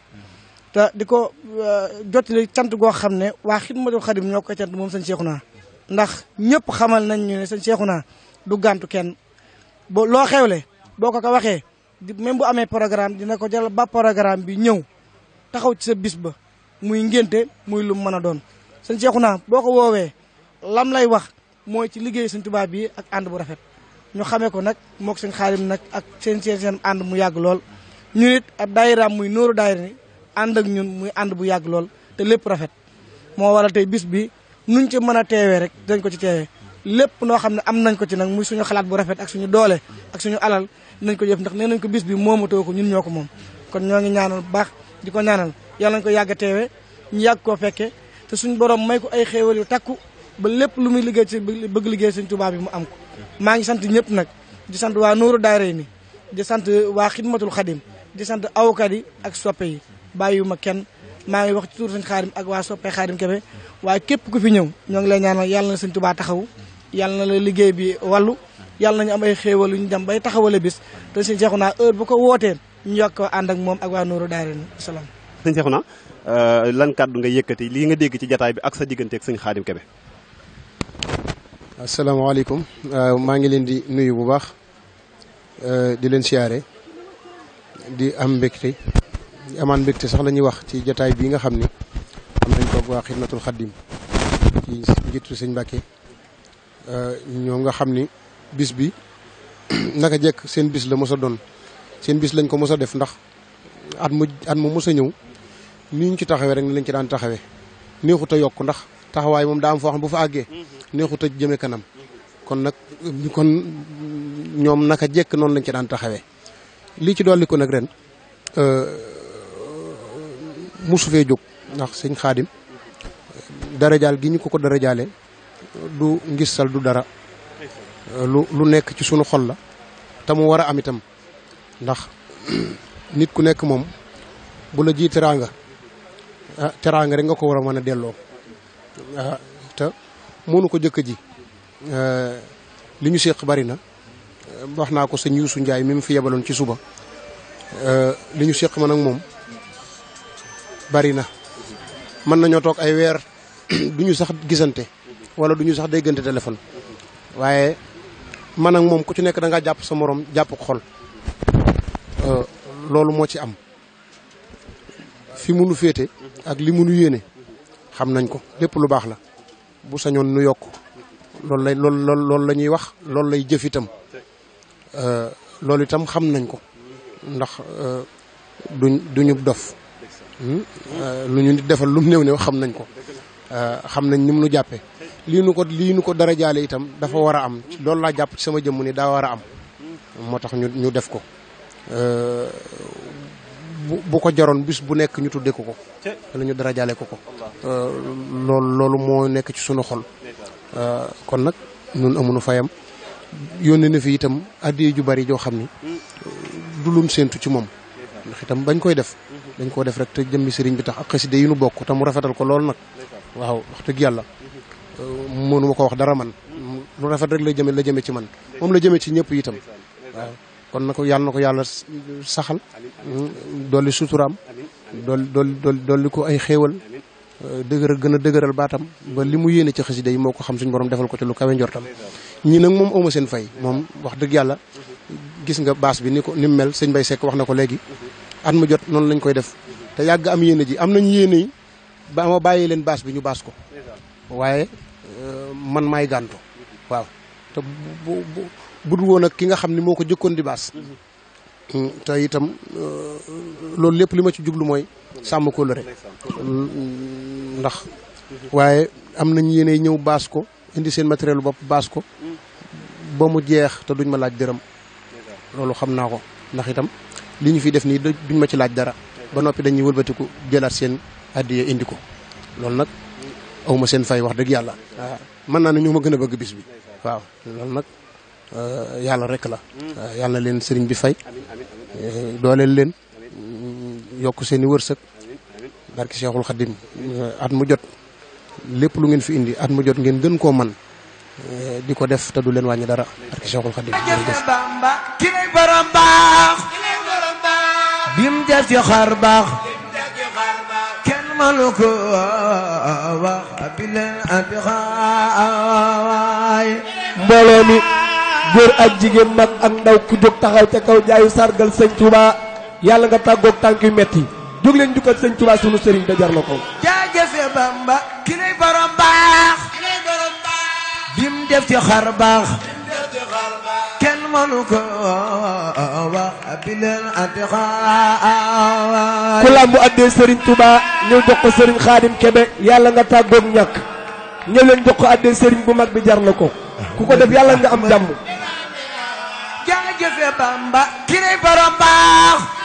te di ko euh, jottali cant goo xam ne waa Xidmatul Xadim ñoo koy cant moom sëñ naa ndax ñëpp xamal nañ ñu ne sëñ Cheikhouna du gàntu kenn boo loo xewle boo ko ko waxee même bu amee programme dina ko jël ba programme bi ñëw taxaw ci sa bis ba muy ngénte muy lum mën a doon sëñ Cheikhouna boo ko woowee lam lay wax mooy ci liggéey sëñ tubaab bi ak ànd bu rafet ñu xamee ko nag mook seen xaalim nag ak seen seen seen ànd mu yàgg lool ñu nit ab daayiraam muy nooru daayira ni ànd ak ñun muy ànd bu yàgg lool te lépp rafet moo waral tey bis bi nuñ ci mën a teewee rek dañ ko ci teewee lépp noo xam ne am nañ ko ci nag muy suñu xalaat bu rafet ak suñu doole ak suñu alal nañ ko jëf ndax nee nañ ko bis bi moomatoo ko ñun ñoo ko moom kon ñoo ngi ñaanal baax di ko ñaanal yàlla nañ ko yàgg a teewee ñu yàgg koo fekke te suñu borom may ko ay xéewal yu takku ba lépp lu muy liggéey ci bëgg liggéey suñ tubaab bi mu am ko maa ngi sant ñëpp nag di sant waa Nuuru Daarayni di sant waa Xidmatul Xadim di sant awkat yi ak soppe yi bàyyiwuma kenn maa ngi wax ci tur sëñ xaadim ak waa soppe xaadim Kebe waaye képp ku fi ñëw ñoo ngi lay ñaanal yàlla na sëñ Tuubaa taxaw yàlla na la liggéey bi wàllu yàlla nañu am ay xéewal yu ñu dem bay taxawale bis te sëñ naa heure bu ko wootee ñu yokk ànd ak moom ak waa Nooru Daarayni salaam. sëñ Seexuna euh, lan kàddu nga yëkkati lii nga dégg ci jataay bi ak sa diggante ak sëñ xaadim Kebe. asalaamaaleykum euh, maa ngi leen di nuyu bu baax euh, di leen siyaare. di am mbégte di amaan mbégte sax la ñuy wax ci jataay bii nga xam ni am nañ ko waa xidmatul xaddim ci njiitu sëñ Mbàkke euh, ñoo nga xam ni bis bi naka jekk seen bis la mos a doon seen bis lañ ko mos a def ndax at mu at mu mos a ñëw nii ñu ci taxawee rek ni lañ ci daan taxawee neexut a yokk ndax taxawaay moom daa am foo xam bu fa àggee mm-hmm. neexut a jëme kanam kon nag kon ñoom naka jekk noonu lañ ci daan taxawee lii ci dolli ko nag ren euh, musu fee jóg ndax sëñ xaadim darajaal gi ñu ko ko dara jaale du ngissal du dara euh, lu nekk ci sunu xol la te mu war a am itam ndax nit ku nekk moom bu la ji teraanga ah teraanga rek nga ko war a mën a delloo ah, te mënu ko jëkk ji euh, li ñu séq bari na wax naa ko sa Youssou Ndiaye mi mu fi yebaloon ci suba euh, li ñu séq ma nag moom bari na mën nañoo toog ay weer du duñu sax gisante wala duñu sax déggante téléphone waaye man ak moom ku ci nekk danga jàpp sa moroom jàpp ko xol euh, loolu moo ci am fi mu nu féete ak li mu nu yéene xam nañ ko lépp lu baax la bu sañoon nu yokk loolu lay loolu ñuy wax loolu lay jëf itam Euh, loolu itam xam nañ ko ndax euh, duñ duñu dof hmm? euh, lu ñu nit defal lu mu néew néew xam nañ ko xam nañ ni mu nu jàppee lii nu ko lii nu ko dara jaale itam dafa war a am loolu laa jàpp ci sama jëmm ni daa war a am moo tax ñu ñu def ko bu ko jaroon bis bu nekk ñu tudde ko ko ñu dara jaale ko ko loolu loolu moo nekk ci sunu xol kon nag nun amunu fayam yónnee na fi itam addiye ju bari joo xam ni du lum séentu ci moom ndax itam bañ koy def mhm. dañ koo def rek te jëmmi sëriñ bi tax ak xaside yi nu bokk te mu rafetal ko lool nag waaw wax dëgg yàlla mhm. euh, mënu ko wax dara man mhm. lu rafet rek la jëme la jëme ci man moom la jëme ci ñëpp itam waaw kon na ko yàlla na ko yàlla saxal hmm, dolli suturaam dool dool dolli ko ay xéewal euh, dëgëral gën a dëgëral baatam ba li mu yéene ci xaside yi moo ko xam suñu borom defal ko ci lu kawe njortam ñii nag moom awma seen fay moom wax dëgg yàlla gis nga baas bi ni ko ni mu mel sëñ Bay Seck wax na ko léegi at mu jot noonu lañ koy def te yàgg am yéene ji am nañ yéene yi ba bàyyi leen baas bi ñu baas ko euh, man maay gànto waaw te ki nga xam ne moo ko jëkkoon di baas mm, te itam euh, loolu lépp li ma ci jublu mooy sàmm kóllëre mm, mm, ndax waaye am nañ yéene ñëw baas ko indi seen matériel bopp baas ko ba mu jeex te duñ ma laaj dërëm loolu xam naa ko ndax itam li ñu fi def nii duñ ma ci laaj dara ba noppi dañuy wëlbatiku jëlaat seen addiya indi ko loolu nag awma seen fay wax dëgg yàlla waaw mën naa ne ñu ma gën a bëgg bis bi waaw loolu nag euh, yàlla rek la euh, yàlla leen sëriñ bi fay euh, dooleel leen mm, yokk seen i wërsëg barki Seexul Xadim at mu jot lépp lu ngeen fi indi at mu jot ngeen gën koo man eh, di ko def te du leen wàññi dara barke ki lay borom baax bim def ci xar baax wax bi leen abi xaay mbooloo mi góor ak jigéen mag ak ndaw ku jóg taxaw ca kaw jaayu sargal sëñ Tuuba yàlla nga tàggoog tànk yu metti jóg leen jukkal sëñ Tuubaa sunu sëriñ da jar na ko jaajëfe Bamba ki lay borom baax bim def ci xar baax kenn mënu ko wax bi leen antixaa ku làmbu addee sëriñ Tuubaa ñëw jox ko sëriñ Xaadim Kebe yàlla nga tàggoog ñàkk ñëw leen jox ko addee sëriñ bu mag bi jar na ko ku ko def yàlla nga am jàmm jaajëfe Bamba ki lay borom baax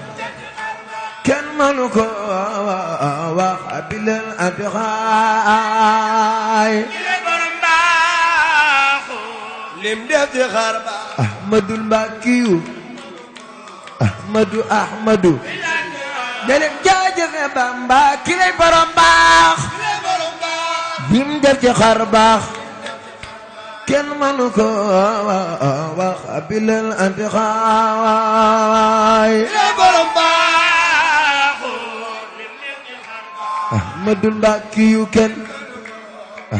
kenn mënu ko wax bi leen adduxaay borom baaxu lim def di xaar ba ahmadul mbakiyu ahmadu ahmadu da leen jaajëfe bamba ki lay borom baax bim def ci xar baax kenn mënu ko wax bi leen adduxaay borom baax Ahmadu Mbàkke yu kenn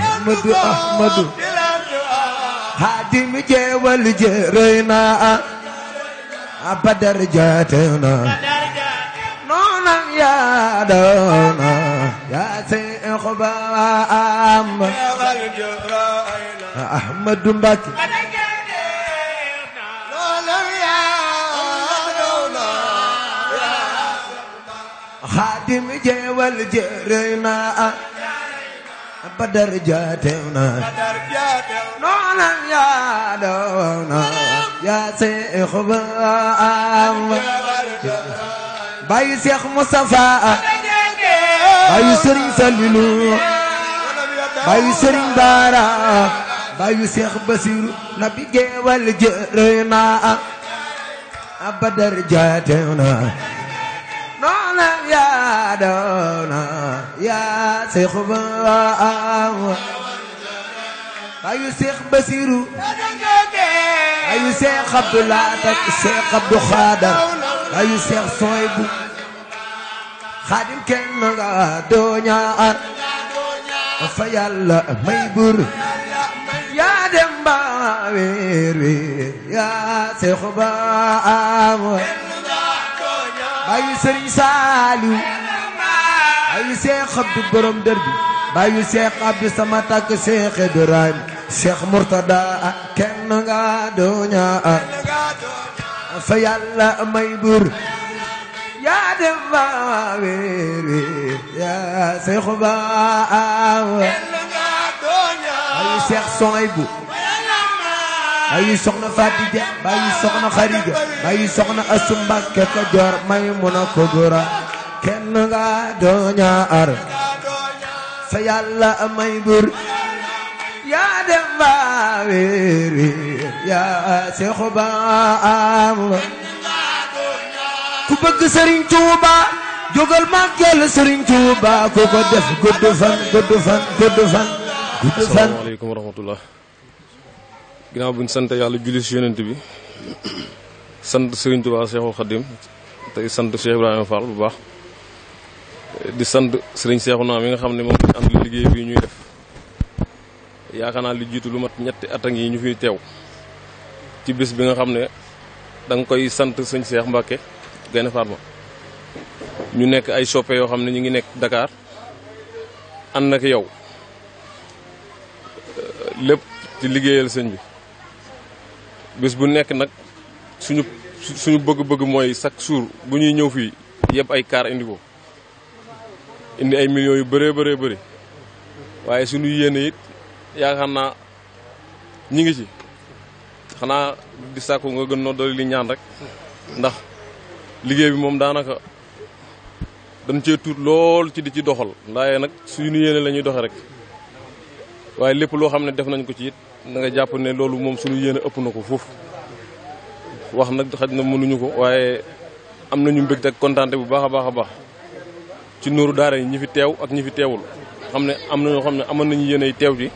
Ahmadu Ahmadu Xaadim jeewal je rëy naa a badar jaate na noonam yaa doona yaa seexu ba am Ahmadu Mbàkke xaadim jeewal jeerey naa badar jaatew naa noonan yaa doow naa yaa seex baam baay seex mustafa baay sëriñ salilu baay sëriñ baara baay seex basiru nabi noona yaa doona yaa Seex Bamba Seex Basiru ayu Seex Abdu Laat Seex Abdu Xaadar ayu Seex Soybu Xaadim kenn nga doo fa Yàlla may yaa dem ba yaa Seex baayu sëriñ saaliw baayu seex abdu borom dër bi baayu seex abdu sama takk seex ibrahim seex murtada kenn nga dooña fa yàlla may buur yaa dem ba weer yaa seexu ba baayu seex sooy bu mayu soxna Fatija mayu soxna Xarija mayu soxna Asu Mbàkke ka joor Maymuna ko gura kenn nga doo ñaar sa yàlla may bur yaa dem ba wéer wéer yaa ku bëgg Sëriñ Tuuba jógal màggal Sëriñ Tuuba ku ko gudd fan gudd fan gudd fan gudd fan asalaamaaleykum ginaaw bu ñu sant yàlla julli si yonent bi sant Serigne Touba Cheikhul Khadim tey sant Cheikh Ibrahima Fall bu baax di sant Serigne naa mi nga xam ne moom am ànd liggéey bi ñuy def yaakaar naa li jiitu lu mat ñetti at yi ñu fi teew ci bis bi nga xam ne danga koy sant sëñ Cheikh Mbacke Gaynde Fatma ñu nekk ay soppe yoo xam ne ñu ngi nekk dakaar ànd ak yow lépp ci liggéeyal sëñ bi. bés bu nekk nag suñu suñu bëgg-bëgg mooy chaque jour bu ñuy ñëw fii yëpp ay kaar indi ko indi ay millions yu bëree bëree bëri waaye suñu yéene it yaakaar naa ñi ngi ci xanaa di sàkku nga gën noo dolli ñaan rek ndax liggéey bi moom daanaka dañ cee tuut lool ci di ci doxal ndaaye nag suñu yéene lañuy doxe rek waaye lépp loo xam ne def nañ ko ci it na nga jàpp ne loolu moom suñu yéene ëpp na ko foofu wax nag xaj na mënuñu ko waaye am nañu mbégte ak kontaante bu baax a baax a baax ci nooru daara yi ñi fi teew ak ñi fi teewul xam ne am na ñoo xam ne amoon nañu yéeney teew ji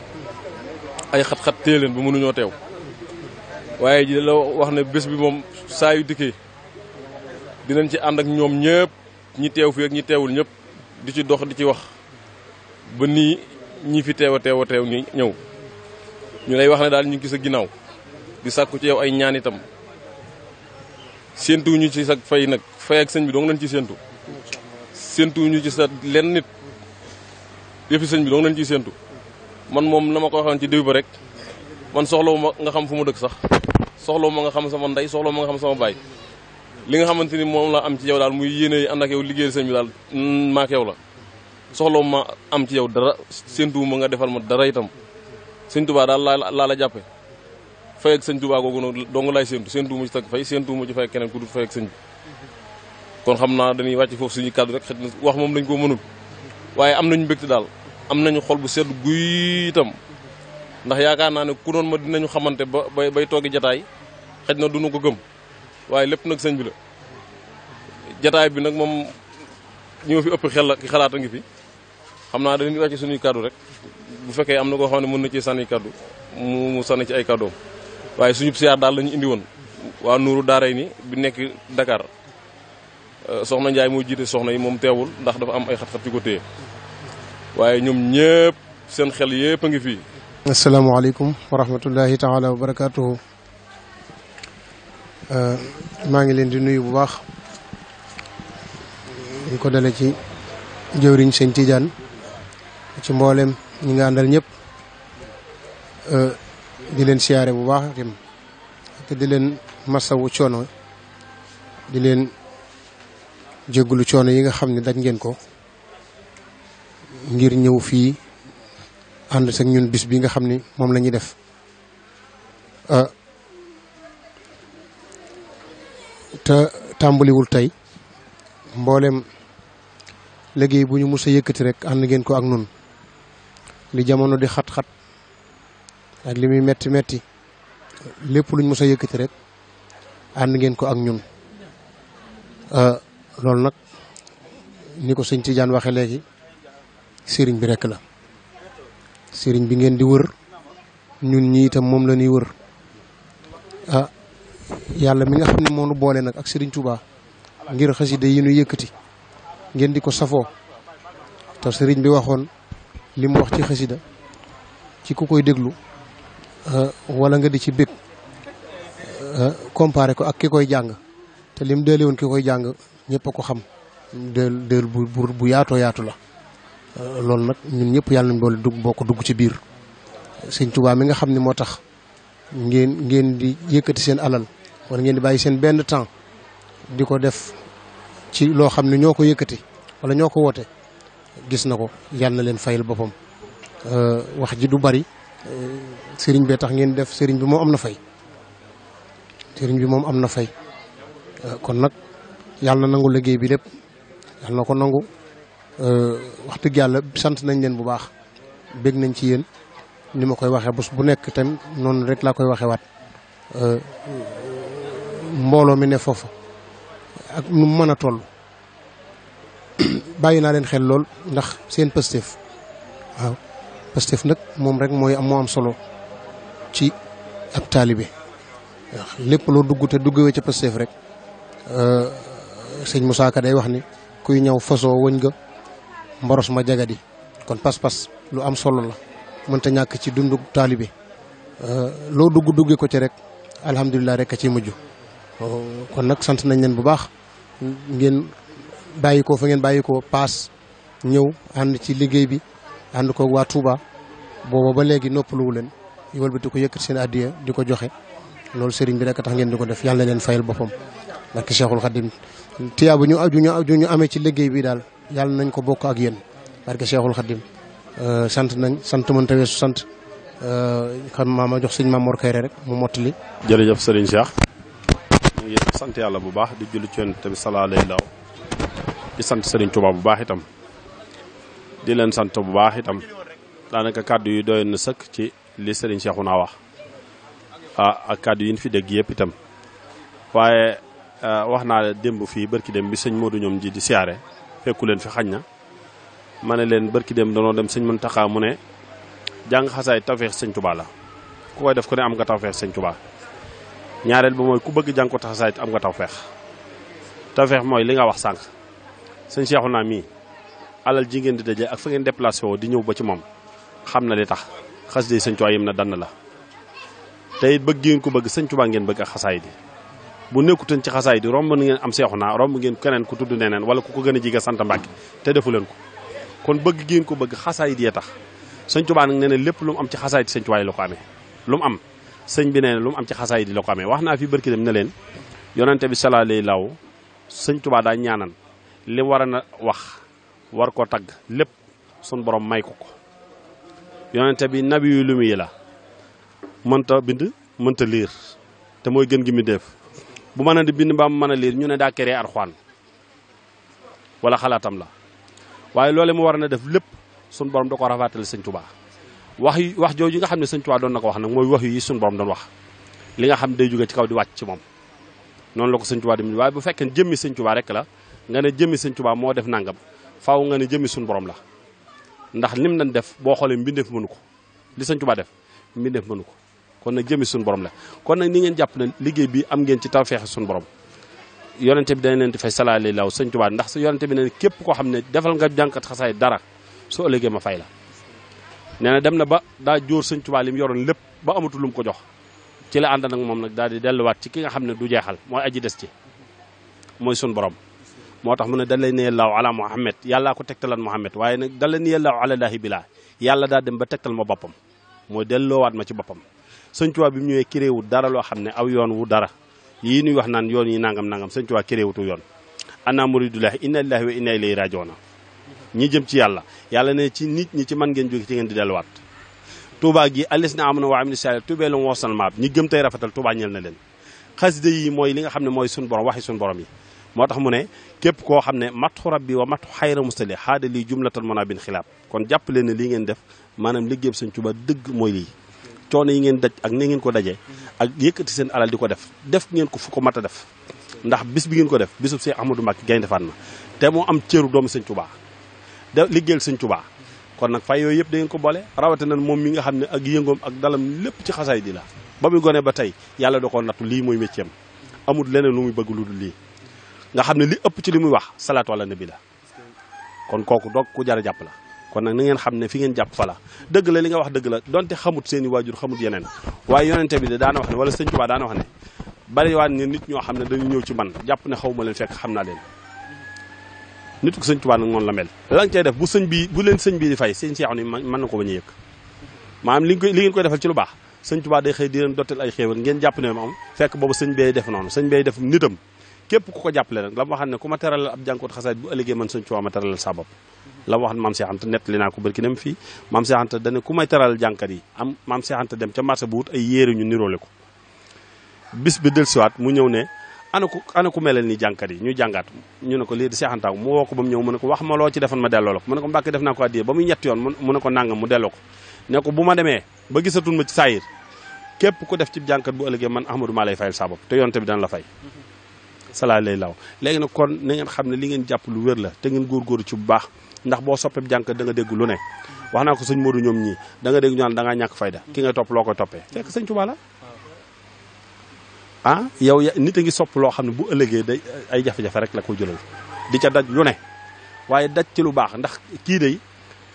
ay xat-xat téye ba mënuñoo teew waaye ji la wax ne bés bi moom saa yu dikkee dinañ ci ànd ak ñoom ñëpp ñi teew fii ak ñi teewul ñëpp di ci dox di ci wax ba nii ñi fi teew a teew teew ñi ñëw ñu lay wax ne daal ñu ngi sa ginnaaw di sàkku ci yow ay ñaan itam séentuwuñu ci sa fay nag fay ak sëñ bi dong lañ ci séentu séentuwuñu ci sa lenn nit yëfi sëñ bi dong lañ ci séentu man moom la ma ko waxoon ci déw ba rek man soxlawu ma nga xam fu mu dëkk sax soxlawu ma nga xam sama ndey soxlawu ma nga xam sama baay li nga xamante ni moom la am ci yow daal muy yéene ànd ak yow liggéeyal sëñ bi daal mm, maak yow la soxlawu ma am ci yow dara séentuwu ma nga defal ma dara itam sëñ tubaa daal laa laa la jàppe fay ak sëñ tubaa googu noonu dong laay séentu séentu mu ci tag fay séentu mu ci fay keneen ku dul fay ak sëñ bi kon xam naa dañuy wàcc foofu suñu kàddu rek xëy na wax moom dañ ko mënul waaye am nañu mbégte daal am nañu xol bu sedd guy itam ndax yaakaar naa ne ku noon ma dinañu xamante ba bay bay toogi jataay xëy na duñu ko gëm waaye lépp nag sëñ bi la jataay bi nag moom ñoo fi ëpp xel la ki xalaat a ngi fi xam naa dañuy wàcc suñuy kàddu rek bu fekkee am na ko xam ne mën na ci sànni kaddu mu sànni ci ay kaddoom waaye suñu siyaar daal lañu ñu indi woon waa nuuru daaray ni bi nekk Dakar euh, soxna njaay moo jiite soxna yi moom teewul ndax dafa am ay xat-xat yu ko téye waaye ñoom ñëpp seen xel yëpp a ngi fii asalaamaaleykum wa rahmatullahi taala wa barakaatuhu euh, maa ngi leen di nuyu bu baax ñu ko dale ci jëwriñ sëñ Tidiane ci mbooleem ñi nga àndal ñëpp euh, di leen siyaare bu baax tim te di leen wu coono di leen jégalu coono yi nga xam ne daj ngeen ko ngir ñëw fii ànd sax ñun bis bi nga xam ni moom lañuy ñuy def euh, te tàmbaliwul tey mboolem liggéey bu ñu mus a yëkkati rek ànd ngeen ko ak nun li jamono di xat-xat ak li muy metti metti lépp luñ mos a yëkkati rek ànd ngeen ko ak ñun euh, loolu nag ni ko sëñ Tidiane waxe léegi sëriñ bi rekk la sëriñ bi ngeen di wër ñun ñi itam moom la ñuy wër ah yàlla mi nga xam ne moo nu boole nag ak sëriñ Touba ngir xasida yi nu yëkkati ngeen di ko safoo te sëriñ bi waxoon li mu wax ci xasida ci ku koy déglu ah, wala nga di ci bég ah, comparé ko ak ki koy jàng te lim deelee woon ki koy jàng ñëpp a ko xam deel deel bu bu yaatoo yaatu la ah, loolu nag ñun ñëpp yàlla nañ boole dugg ko dugg ci biir sëñ Tuubaa mi nga xam ne moo tax ngeen ngeen di yëkkati seen alal wala ngeen di bàyyi seen benn temps di ko def ci loo xam ne ñoo ko yëkkati wala ñoo ko woote gis na ko yàlla na leen fayal boppam euh, wax ji du bari euh, sëriñ bee tax ngeen def sëriñ bi moom am na fay sëriñ bi moom am na fay euh, kon nag yàlla na nangu liggéey bi lépp yàlla na ko nangu wax dëgg yàlla sant nañ leen bu baax bég nañ ci yéen ni ma koy waxee bés bu nekk tem noonu rek laa koy waxee waat mbooloo mi ne foofa ak nu mën a toll bàyyi naa leen xel lool ndax seen Pastef waaw Pastef nag moom rek mooy am moo am solo ci ab taalibe lépp loo dugg te duggewee ca Pastef rek euh, sëñ Moussa Ka day wax ni kuy ñëw fasoo wëñ ga mboros ma jagadi kon pas-pas lu am solo la mënta ñàkk ci dundu taalibe euh, loo dugg dugge ko ci rek alhamdulilah rek a ciy mujj kon nag sant nañ leen bu baax ngeen bàyyi ko fa ngeen bàyyi ko paas ñëw ànd ci liggéey bi ànd ko waa tuuba booba ba léegi noppaluwu leen yool bi di ko yëkkati seen addiya di ko joxe loolu sëriñ bi rek tax ngeen di ko def yàlla na leen boppam barki Cheikhul Khadim tiyaa bu ñu aju ñu amee ci liggéey bi daal yàlla nañ ko bokk ak yéen barki Cheikhul Khadim euh, sant nañ sant mën taweesu sant euh, xam maa ma jox sëñ Maam Mor Kayre rek mu mottali jërëjëf sëriñ Cheikh ñu ngi sant yàlla bu baax di julli ci yonent bi salaa di sant Serigne Touba bu baax itam di leen sant bu baax itam daanaka kàddu yi doyoon na sëkk ci li Serigne naa wax ah ak kàddu yi ñu fi dégg yëpp itam waaye ah, wax naa démb fii bërki dem bi sëñ Modou ñoom ji di siyaare fekku leen fi xañ na ma ne leen bërki dem danoo dem sëñ Mountakha mu ne jàng xasaay tawfeex sëñ Touba la ku koy def ko ne am nga tawfeex sëñ Touba ñaareel ba mooy ku bëgg jàng ko xasaay am nga tawfeex tawfeex mooy li nga wax sànq. sëñ naa mii alal ji ngeen di daje ak fa ngeen déplacé woo di ñëw ba ci moom xam na li tax xas de sëñ Tuubaa yem na dann la te it bëgg ngeen ko bëgg sëñ ngeen bëgg ak xasaay di bu nekkutoon ci xasaay di romb ngeen am naa romb ngeen keneen ku tudd neneen wala ku ko gën a jige sant Mbàkke te defu leen ko kon bëgg ngeen ko bëgg xasaay di yee tax sëñ Tuubaa nag nee lépp lu mu am ci xasaay di sëñ Tuubaa la ko amee lu mu am sëñ bi nee lu mu am ci xasaay di la ko amee wax naa fi barki dem ne leen yonante bi salaa lay law sëñ Tuubaa daa ñaanan li war a na wax war ko tagg lépp sun borom may ko ko yonente bi nabi yu lu muy la mënta bind mënta liir te mooy gën gi mu def bu mën a di bind ba mu mën a liir ñu ne daa kéré arxuwaan wala xalaatam la waaye loole mu war na def lépp sun borom da ko rafaatale sëñ tubaa wax yi wax jooju nga xam ne sëñ doon na ko wax nag mooy wax yi sun borom doon wax li nga xam day jóge ci kaw di wàcc ci moom noonu la ko sëñ tubaa di waaye bu fekkee jëmmi sëñ rek la nga ne jëmmi sëñ Tuubaa moo def nangam faaw nga ne jëmmi suñu borom la ndax lim nañ def boo xoolee mbindeef mënu ko li sëñ Tuubaa def mbindeef mënu ko kon nag jëmmi suñu borom la kon nag ni ngeen jàpp ne liggéey bi am ngeen ci tawfeex suñu borom yonente bi dañ leen di fay salaale law sëñ ndax yonente bi ne képp koo xam ne defal nga jànkat xasaay dara soo ëllëgee ma fay la nee dem na ba daa jóor sëñ Tuubaa li mu yoroon lépp ba amatul ko jox ci la ànd nag moom nag daal di delluwaat ci ki nga xam ne du jeexal mooy aji des ci mooy sun borom moo tax mu ne da lay ne law ala Muhammad yàllaa ko tegtalan Muhammad waaye nag da lay ne law ala laahi bilaa yàlla daa dem ba tegtal ma boppam mooy delloowaat ma ci boppam Sëñ Tuubaa bi mu ñëwee créé wu dara loo xam ne aw yoon wu dara yii nuy wax naan yoon yi nangam nangam Sëñ Tuubaa créé wutu yoon ana muridullahi inna lillahi wa inna ilayhi rajiuna ñi jëm ci yàlla yàlla ne ci nit ñi ci man ngeen jóge ci ngeen di delluwaat Touba gi alis na amuna waa amina sal Touba la wasal maab ñi gëm tey rafetal Touba ñel na leen xasida yi mooy li nga xam ne mooy suñu borom waxi suñu borom yi képp koo xam ne rab bi wa mattu xayra mustali xaada lii jumlatal mona bin xilaab kon jàpp leen ne lii ngeen def maanaam liggéey bi Sëñ Tuubaa dëgg mooy lii coono yi ngeen daj ak ni ngeen ko dajee ak yëkkati seen alal di ko def def ngeen ko fu ko mat a def ndax bis bi ngeen ko def bisub Sëñ Ahmadou Mbacké Gaynde Fatma te moo am cëru doomu Sëñ Tuubaa de liggéeyal Sëñ Tuubaa kon nag fay yooyu yëpp da ko boole rawatina moom mi nga xam ne ak yëngoom ak dalam lépp ci xasaay di la ba muy gone ba tey yàlla da koo lii mooy métier amul leneen lu muy bëgg lu dul lii nga xam ne li ëpp ci li muy wax salaatu ala nabi la kon kooku doog ku jar a jàpp la kon nag ni ngeen xam ne fi ngeen jàpp fa la dëgg la li nga wax dëgg la donte xamut seen i waajur yeneen waaye yonente bi de daana wax ne wala sëñ Tuubaa daana wax ne bari nit ñoo xam ne dañu ñëw ci man jàpp ne xaw ma leen fekk xam naa leen nit ku sëñ Tuubaa nag noonu la mel la nga def bu sëñ bi bu leen sëñ bi di fay seen seexu ni mën na ko bañ a yëg maanaam li li ngeen koy defal ci lu baax sëñ Tuubaa day xëy leen dottal ay xéewal ngeen jàpp ne moom fekk boobu sëñ bee def noonu sëñ bee def nitam képp ku ko jàppale nag la ma waxoon ne ku ma teralal ab jànkuwut xasaat bu ëllëgee man suñ coow ma teralal sa bopp la ma waxoon maam Cheikh ko bërki dem fii mu ñëw ne ana ku ana ku melal ni jànkat yi ñu jàngaat ñu ne ko lii di Cheikh Anta mu ko ba mu ko wax ma loo ci defoon ma delloo la ko mu ne ko mbàkke def naa ko addiyee ba muy ñetti yoon mu ne ko nangam mu delloo ko ne ko bu ma demee ba gisatul ci saayir képp ku def ci jànkat bu ëllëgee man Ahmadou maa lay fayal sa bopp te yoonte bi dana la fay salaa lay law léegi nag kon na xam ne li ngeen jàpp lu wér la te ngeen góorgóorlu ci bu baax ndax boo soppeeb jànk da nga dégg lu ne wax naa ko sëñ Modou ñoom ñii da dégg ñu naan da ngaa ñàkk fayda ki nga topp loo koy toppee fekk sëñ Tuubaa la ah nit a ngi sopp loo xam ne bu ëllëgee day ay jafe rek la ko jëlal di ca daj lu ne waaye daj ci lu baax ndax kii day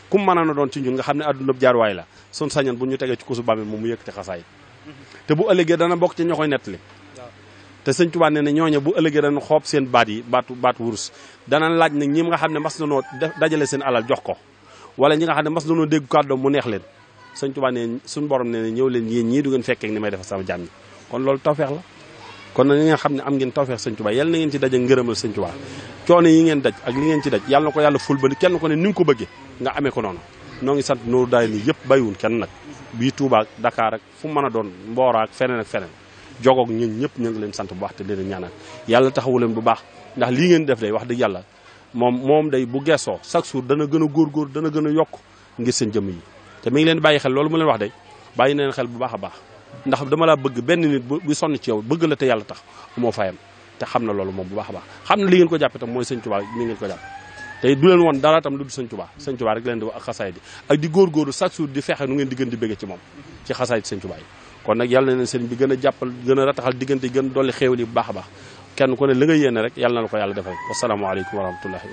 ku man a na doon ci ñun nga xam ne adduna bi jaarwaay la sun sañan bu ñu tegee ci kusu bàmmeel moom mu yëkkati xasaay te bu ëllëgee dana bokk ci ñoo koy li te sëñ Tuubaa nee na bu ëllëgee dañu xoob seen baat yi baatu baatu wurus danañ laaj nag ñi nga xam ne mas nanoo dajale seen alal jox ko wala ñi nga xam ne mas nanoo dégg kàddoom mu neex leen sëñ Tuubaa nee suñu borom nee na ñëw leen yéen ñii du ngeen fekkee ni may defal sama jàmm ñi kon loolu tawfeex la kon na ñi nga xam ne am ngeen tawfeex sëñ Tuubaa yal na ngeen ci daje ngërëmal sëñ Tuubaa yi ngeen daj ak li ngeen ci daj yàlla na ko yàlla ful ba kenn ko ne ni nga ko bëggee nga ame ko noonu noo ngi sant nooru daay nii yëpp bàyyiwun kenn nag bii Tuubaa ak Dakar fu mën a doon Mboora ak feneen ak jogoog ñun ñëpp ñu ngi leen sant bu baax te leen ñaanal yàlla taxawu leen bu baax ndax lii ngeen def day wax dëgg yàlla moom moom day bu geesoo chaque jour dana gën a góorgóor dana gën a yokk ngir seen jëmm yi te ngi leen bàyyi xel loolu mu leen wax day bàyyi na leen xel bu baax a baax ndax dama laa bëgg benn nit bu sonn ci yow bëgg la te yàlla tax moo fayam te xam na loolu moom bu baax a baax xam ngeen ko jàppe tam mooy sëñ Tuubaa mi ngeen ko leen woon dara tam lu du sëñ Tuubaa sëñ Tuubaa rek leen di wax ak xasaay di ak nu ngeen di gën di bëgge ci moom ci xasaay di sëñ yi kon nag yàlla na leen sëriñ bi gën a jàppal gën a rataxal diggante gën dolli xéewal bu baax a baax kenn ku ne la nga yéene rek yàlla na la ko yàlla defal wasalaamaaleykum wa rahmatullahi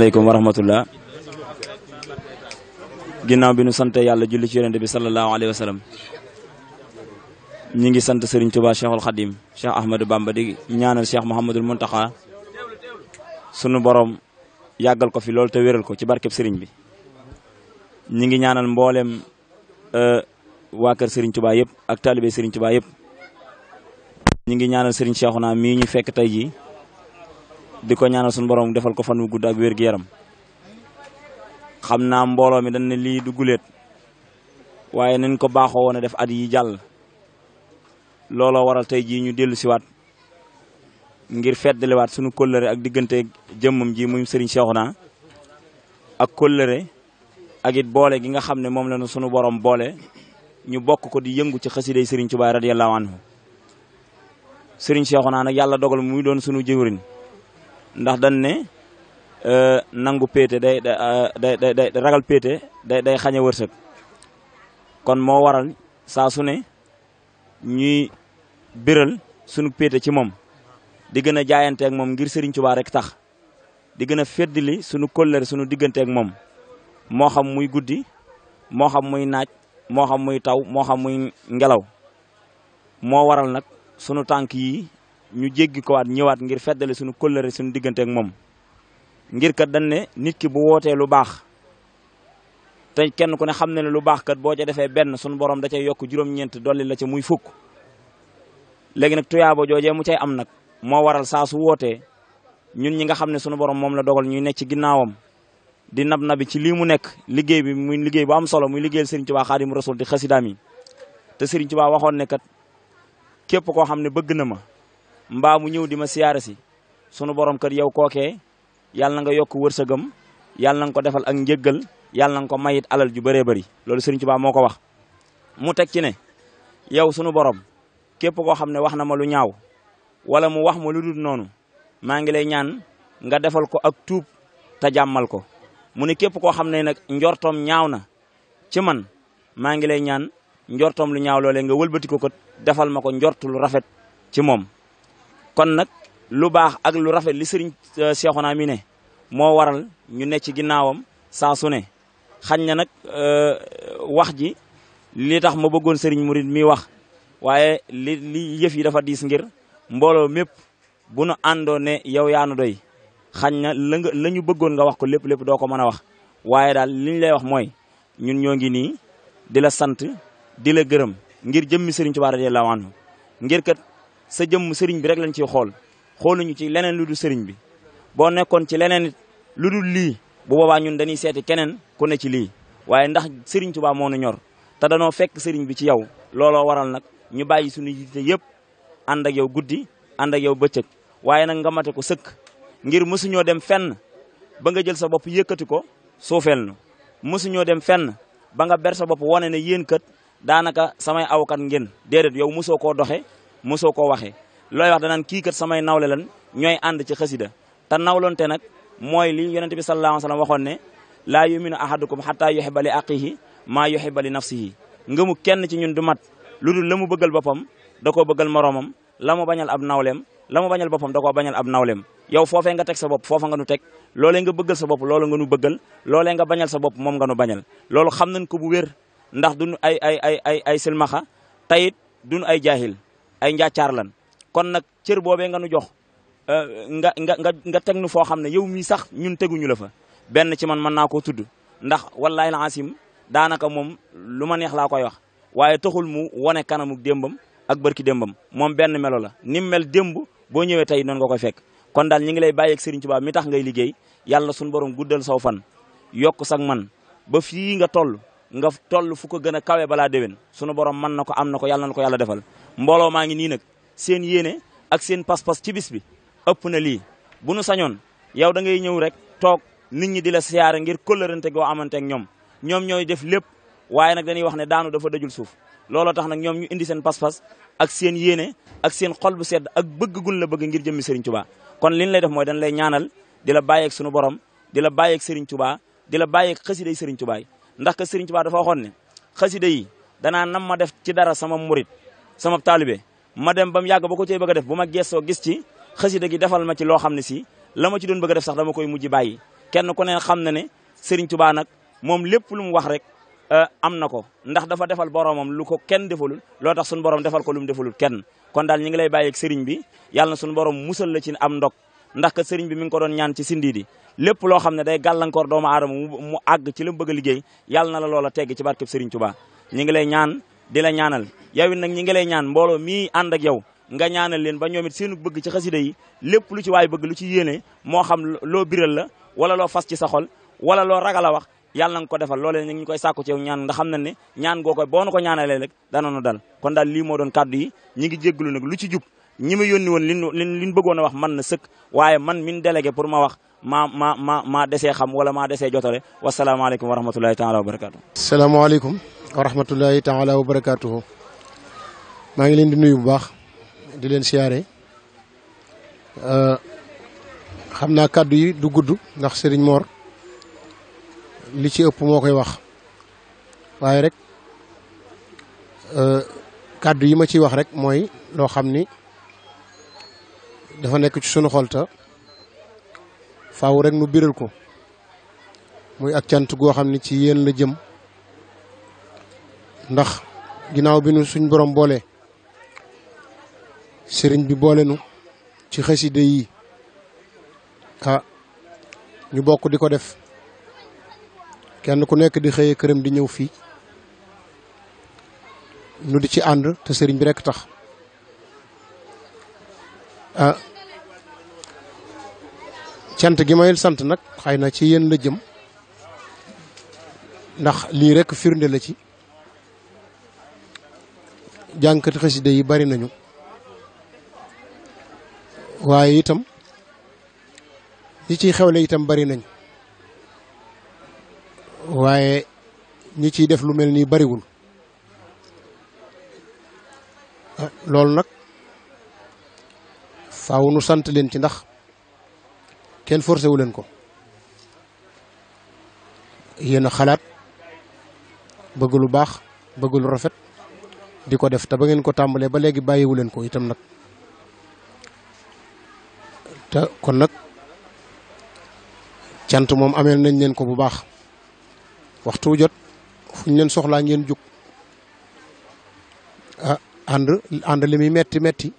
asalaamaaleykum wa rahmatullah ginnaaw bi nu sant yàlla julli ci yonente bi sallallahu alayhi wa ñi ngi sant Serigne Touba Cheikhul Khadim Cheikh Ahmadou Bamba ñaanal Cheikh Mouhamadul Mountakha sunu borom yàggal ko fi loolu te wéral ko ci barkeb Serigne bi ñi ngi ñaanal mboolem euh, waa kër Serigne Touba yëpp ak taalibe Serigne Touba yëpp ñi ngi ñaanal Serigne Cheikhouna mii fekk tey jii di ko ñaanal suñu borom defal ko fan wu gudd ak wér gu yaram xam naa mbooloo mi dañ ne lii du guléet waaye nañ ko baaxoo woon a def at yi jàll looloo waral tey jii ñu dellu siwaat ngir feddaliwaat sunu kóllëre ak diggante jëmmam ji muy Serigne Cheikhouna ak kóllëre ak it boole gi nga xam ne moom la ñu sunu borom boole ñu bokk ko di yëngu ci xasiday Serigne Touba radiyallahu anhu Serigne Cheikhouna nag yàlla dogal muy doon sunu jëwriñ ndax dañ ne euh, nangu péete day day day day ragal péete day day xañe wërsëg kon moo waral saa su ne ñuy biral sunu péete ci moom di gën a jaayanteeg moom ngir Serigne Touba rek tax di gën a feddali sunu kóllëre sunu digganteeg moom moo xam muy guddi moo xam muy naaj moo xam muy taw moo xam muy ngelaw moo waral nag sunu tànk yi ñu jéggi kowaat ñëwaat ngir feddale suñu kóllëre suñu diggante ak moom ngir kat dañ ne nit ki bu wootee lu baax te kenn ku ne xam na ne lu baax kat boo ca defee benn suñu borom da cay yokk juróom-ñeent dolli la ca muy fukk léegi nag tuyaaba joojee mu cay am nag moo waral saa su wootee ñun ñi nga xam ne sunu borom moom la dogal ñuy nekk ci ginnaawam di nab nabi ci lii mu nekk liggéey bi muy liggéey bu am solo muy liggéeyal Serigne Touba Xaadimu Rasul di xasidaam yi te Serigne waxoon ne kat képp koo xam ne bëgg na ma. mbaa mu ñëw di ma siyaare si sunu borom kër yow kooke yàlla na nga yokk wërsëgam yàlla na nga ko defal ak njëggal yàlla na nga ko mayit alal ju bëree bëri loolu Sëriñ Tuubaa moo ko wax mu teg ci ne yow sunu borom képp koo xam ne wax na ma lu ñaaw wala mu wax ma lu dul noonu maa ngi lay ñaan nga defal ko ak tuub te jàmmal ko mu ne képp koo xam ne nag njortoom ñaaw na ci man maa ngi lay ñaan njortoom lu ñaaw loolee nga wëlbati ko ko defal ma ko njort lu rafet ci moom kon nag lu baax ak lu rafet li sëriñ euh, Cheikhouna mi ne moo waral ñu ne ci ginnaawam saa su xañ na nag euh, wax ji li tax ma bëggoon sëriñ murid mi wax waaye li li yëf yi dafa diis ngir mbooloo mépp bu nu àndoo ne yow yaanu doy xañ na la nga bëggoon nga wax ko lépp lépp doo ko mën a wax waaye daal li lay wax mooy ñun ñoo ngi nii di la sant di la gërëm ngir jëmmi sëriñ Tuubaa radiyallaahu anhu ngir kat sa jëmm sëriñ bi rek lañu ciy xool xooluñu ci leneen lu dul sëriñ bi boo nekkoon ci leneen lu dul lii bu boobaa ñun dañuy seeti keneen ku ne ci lii waaye ndax sëriñ Tuubaa moo nu ñor te danoo fekk sëriñ bi ci yow looloo waral nag ñu bàyyi suñu yite yëpp ànd ak yow guddi ànd ak yow bëccëg waaye nag nga mate ko sëkk ngir mësuñoo dem fenn ba nga jël sa bopp yëkkati ko suufeel nu mësuñoo dem fenn ba nga ber sa bopp wane na yéen kat daanaka samay awkat ngeen déedéet yow mosoo koo doxe mosoo ko waxee looy wax danaan kii kat samay nawle lan ñooy ànd ci xasida te nawlonte nag mooy li yonente bi sallallahu alayhi wa sallam waxoon ne laa yuminu ahadukum xataa yuxiba li aqihi maa yuxiba li nafsihi mu kenn ci ñun du mat lu dul la mu bëggal boppam da koo bëggal moroomam la mu bañal ab nawleem la mu bañal boppam da koo bañal ab nawleem yow foofee nga teg sa bopp foofa nga nu teg loole nga bëggal sa bopp loolu nga nu bëggal loolee nga bañal sa bopp moom nga nu loolu xam nañ ko bu wér ndax duñu ay ay ay ay ay silmaxa tayit duñu ay jaahil ay njaacaar lan kon nag cër boobee nga nu jox euh, nga nga nga nga teg nu foo xam ne yow mi sax ñun teguñu la fa benn ci man mën naa koo tudd ndax wallahi la asim daanaka moom lu ma neex laa koy wax waaye taxul mu wane kanamu démbam ak barki dembam moom benn melo la ni mu mel démb boo ñëwee tey noonu nga koy fekk kon daal ñi ngi lay bàyyi ak ci Touba mi tax ngay liggéey yàlla suñu borom guddal saw fan yokk sax man ba fii nga toll nga toll fu ko gën a kawe balaa déwén sunu borom mën na ko am na ko yàlla na ko yàlla defal mbooloo maa ngi nii nag seen yéene ak seen pas-pas ci bis bi ëpp na lii bu nu sañoon yow da ngay ñëw rek toog nit ñi di la siyaare ngir kóllërante goo amante ak ñoom ñoom ñooy def lépp waaye nag dañuy wax ne daanu dafa dajul suuf looloo tax nag ñoom ñu indi seen pas-pas ak seen yéene ak seen xol bu sedd ak bëgg gun la bëgg ngir jëmmi Serigne Touba kon lin lay def mooy dañ lay ñaanal di la bàyyeeg sunu borom di la bàyyeeg Serigne Touba di la bàyyeeg xasida yi Serigne Touba yi ndax que Serigne Touba dafa waxoon ne xasida yi danaa nam ma def ci dara sama murit sama taalibe ma dem ba mu yàgg ba ko cay bëgg a def bu ma gestoo gis ci xasida gi defal ma ci loo xam ne si la ma ci doon bëgg a def sax dama koy mujj bàyyi kenn ku ne xam na ne Serigne Touba nag moom lépp lu mu wax rek euh, am na ko ndax dafa defal boromam lu ko kenn defalul loo tax suñu borom defal ko lu mu defalul kenn kon daal ñi ngi lay bàyyi bi yàlla na suñu borom musal la ci am ndog ndax ka Serigne bi mi ngi ko doon ñaan ci sindi di lépp loo xam ne day gàllankoor doomu aadama mu àgg ci la bëgg liggéey yàlla na la loola tegg ci barkeb Serigne Touba ñi di la ñaanal yow it nag ñi ngi lay ñaan mbooloo mi ànd ak yow nga ñaanal leen ba ñoom it seenu bëgg ci xasida yi lépp lu ci waay bëgg lu ci yéene moo xam loo biral la wala loo fas ci sa xol wala loo ragal a wax yàlla na nga ko defal loolee ñu koy sàkku ci yow ñaan nga xam na ne ñaan goo koy boo nu ko ñaanalee rek danoonu dal kon daal lii moo doon kàddu yi ñi ngi jégglu nag lu ci jub ñi ma yónni woon lin lin liñ bëggoon a wax man na sëkk waaye man min délégué pour ma wax maa ma ma maa desee xam wala maa desee jotale wasalaamaaleykum wa rahmatullahi taala wa barakatu salaamaaleykum wa rahmatullahi taala wa barakaatuhu maa ngi leen di nuyu bu baax di leen siyaare euh, xam naa kàddu yi du gudd ndax sëriñ Mor li ci ëpp moo koy wax waaye rek euh, kàddu yi ma ciy wax rek mooy loo xam ni dafa nekk ci sunu xolta faaw rek nu biral ko muy ak cant goo xam ni ci yéen la jëm ndax ginnaaw bi nu suñ borom boole sëriñ bi boole nu ci xaside yi ah ñu bokk di ko def kenn ku nekk di xëyee këram di ñëw fii nu di ci ànd te sëriñ bi rekk tax ah cant gi mayel sant nag xay na ci yéen la jëm ndax lii rekk firnde la ci jànkati xasida yi bari nañu waaye itam ñi ciy xewle itam bari nañ waaye ñi ciy def lu mel nii bariwul ah, loolu nag faaw nu sant leen ci ndax kenn forcé leen ko yéen xalaat bëgg lu baax bëgg lu rafet di ko def te ba ngeen ko tàmbalee ba léegi bàyyiwu leen ko itam nag te kon nag cant moom ameel nañ leen ko bu baax waxtu jot fu ñu leen soxlaa ngeen jug a ah, ànd ànd li muy metti metti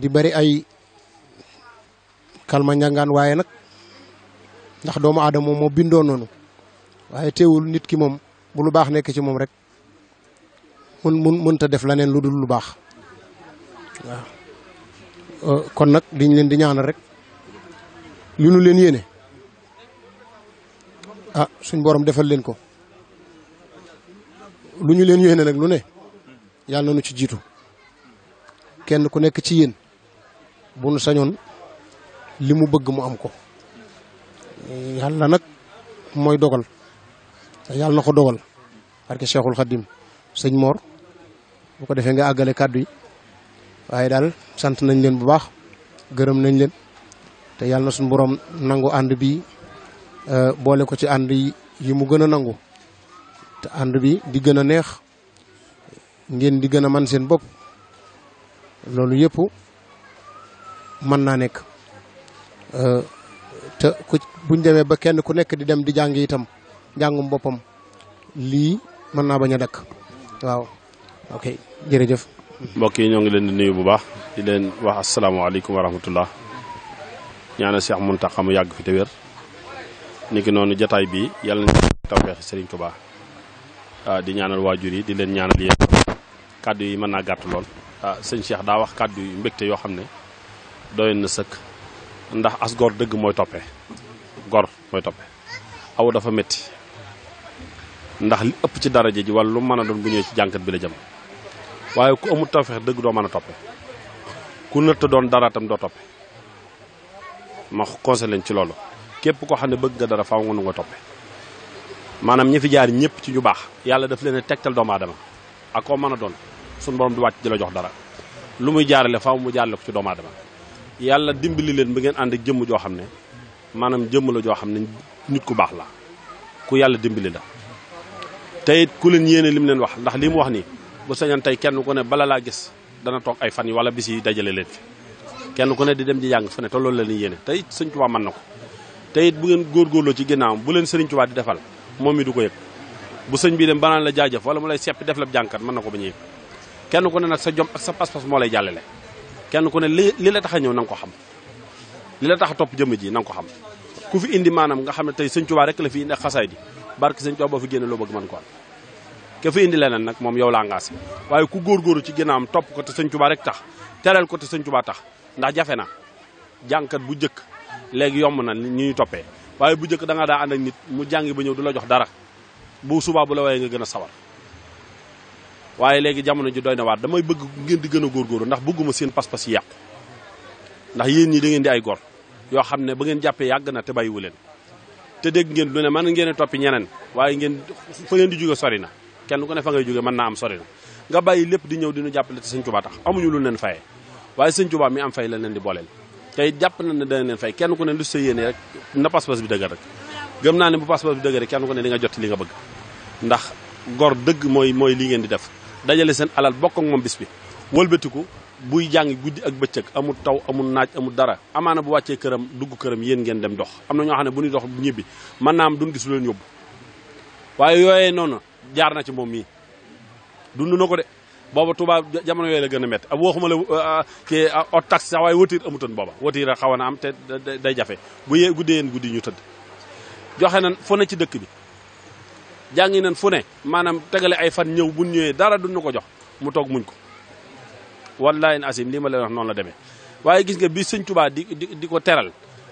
di bari ay kalma njàngaan waaye nag ndax doomu aadama moom moo bindoo noonu waaye teewul nit ki moom bu lu baax nekk ci moom rek mën mun mënta def leneen lu dul lu baax waaw euh, kon nag liñ leen di ñaanal rek li nu leen yéene ah suñ borom defal leen ko lu ñu leen yéene rek lu ne yàlla nañu ci jiitu kenn ku nekk ci yéen bu nu sañoon li mu bëgg mu am ko na nag mooy dogal yàlla na ko dogal parce que Cheikhul Khadim sëñ Mor bu ko defee nga àggale kàddu yi waaye daal sant nañ leen bu baax gërëm nañ leen te yàlla na suñu borom nangu ànd bi euh, boole ko ci ànd yi mu gën a nangu te ànd bi di gën a neex ngeen di gën a man seen bopp loolu yëpp mën naa nekk euh, te ku buñ demee ba kenn ku nekk di dem di jàng itam njàngum boppam lii mën naa bañ a dakk waaw ok jërëjëf. mbokk yi ñoo ngi leen di nuyu bu baax di leen wax asalaamaaleykum wa rahmatullah ñaanal Cheikh Mountakha mu yàgg fi te wér. niki noonu jataay bi yàlla na tawfeexi Serigne Touba ah, di ñaanal waajur yi di leen ñaanal yéen kàddu yi mën naa gàtt lool. Ah, sëñ Cheikh daa wax kàddu yu mbégte yoo xam ne doyoon na sëkk ndax as gor dëgg mooy toppee gor mooy toppee aw dafa metti ndax li ëpp ci daraja ji wala lu mën a doon bu ñëwee ci jànkat bi la jëm. waaye ku amul tawfeex dëgg doo mën a topp ku nëtt doon dara tam doo topp ma conseil leen ci loolu képp koo xam ne bëgg nga dara faaw nga nu nga toppe maanaam ñi fi jaar ñëpp ci ñu baax yàlla def leen tegtal doomu aadama ak koo mën a doon suñu borom du wàcc la jox dara lu muy jaarale faw mu jaarale ko ci doomu aadama yàlla dimbali leen ba ngeen ànd ak jëmm joo xam ne maanaam jëmm la joo xam ne nit ku baax la ku yàlla dimbali la te it ku leen yéene leen wax ndax li mu wax nii bu sañan tey kenn ko ne bala laa gis dana toog ay fan yi wala bi yi dajale leen fi kenn ku ne di dem di jàng fu ne te loolu la ñuy yéene tey it sëñ Tuubaa mën na ko te it bu ngeen góorgóorloo ci ginnaawam bu leen sëriñ Tuubaa di defal moom mi du ko yëg bu sëñ bi dem banaan la jaajëf wala mu lay seppi def la jànkat mën na ko ba ñu yëg kenn ku ne nag sa jom ak sa pas-pas moo lay jàllale kenn ku ne li li la tax a ñëw na nga ko xam li la tax a topp jëmm ji na ko xam ku fi indi nga xam ne tey sëñ rek la fi indi ak xasaay di barke sëñ Tuubaa boo fi génne loo ko ka fi indi leneen nag moom yow laa ngaas waaye ku góorgóoru ci gën am topp ko te sëñ Tuubaa rek tax teral ko te sëñ Tuubaa tax ndax jafe na jàngkat bu njëkk léegi yomb na ñi ñu toppee waaye bu njëkk da nga daa ànd nit mu jàngi ba ñëw du la jox dara bu subaa bu la waaye nga gën a sawar waaye léegi jamono ji doy na waar damay bëgg ngeen di gën a góorgóoru ndax bëgguma seen pas-pas yi yàqu ndax yéen ñi da ngeen di ay gor yoo xam ne ba ngeen jàppee yàgg na te bàyyiwu leen te dégg ngeen lu ne mën ngeen a toppi ñeneen waaye ngeen fa ngeen di jóge sori na kenn ku ne fa ngay jóge mën naa am sori na nga bàyyi lépp di ñëw di ñu jàppale te sëñ Tuubaa tax amuñu lu leen fayee waaye sëñ Tuubaa mi am fay la leen di booleel tey jàpp na ne dana leen fay kenn ku ne lu sa yéene rek na pas-pas bi dëgër rek gëm naa ne bu pas-pas bi dëgër rek kenn ku ne di nga jotti li nga bëgg ndax gor dëgg mooy mooy li ngeen di def dajale seen alal bokk ak moom bis bi wëlbatiku buy jàng guddi ak bëccëg amul taw amul naaj amul dara amaana bu wàccee këram dugg këram yéen ngeen dem dox am na ñoo xam bu ñuy dox ñibbi mën naa am duñ gis lu leen jaar na ci moom mii dund na ko de booba Touba jamono yooyu la gën a métti ab waxuma la euh, kii euh, ot taxi sax waaye watiir amutoon booba watiir a xaw na am te day jafe bu yee guddee yéen guddi ñu tëdd joxe nan fu ne ci dëkk bi jàngi nan fu ne maanaam tegale ay fan ñëw buñ ñëwee dara duñu ko jox mu toog muñ ko wallaahi asim lii ma leen wax noonu la demee waaye gis nga bi sëñ tubaa di di ko teral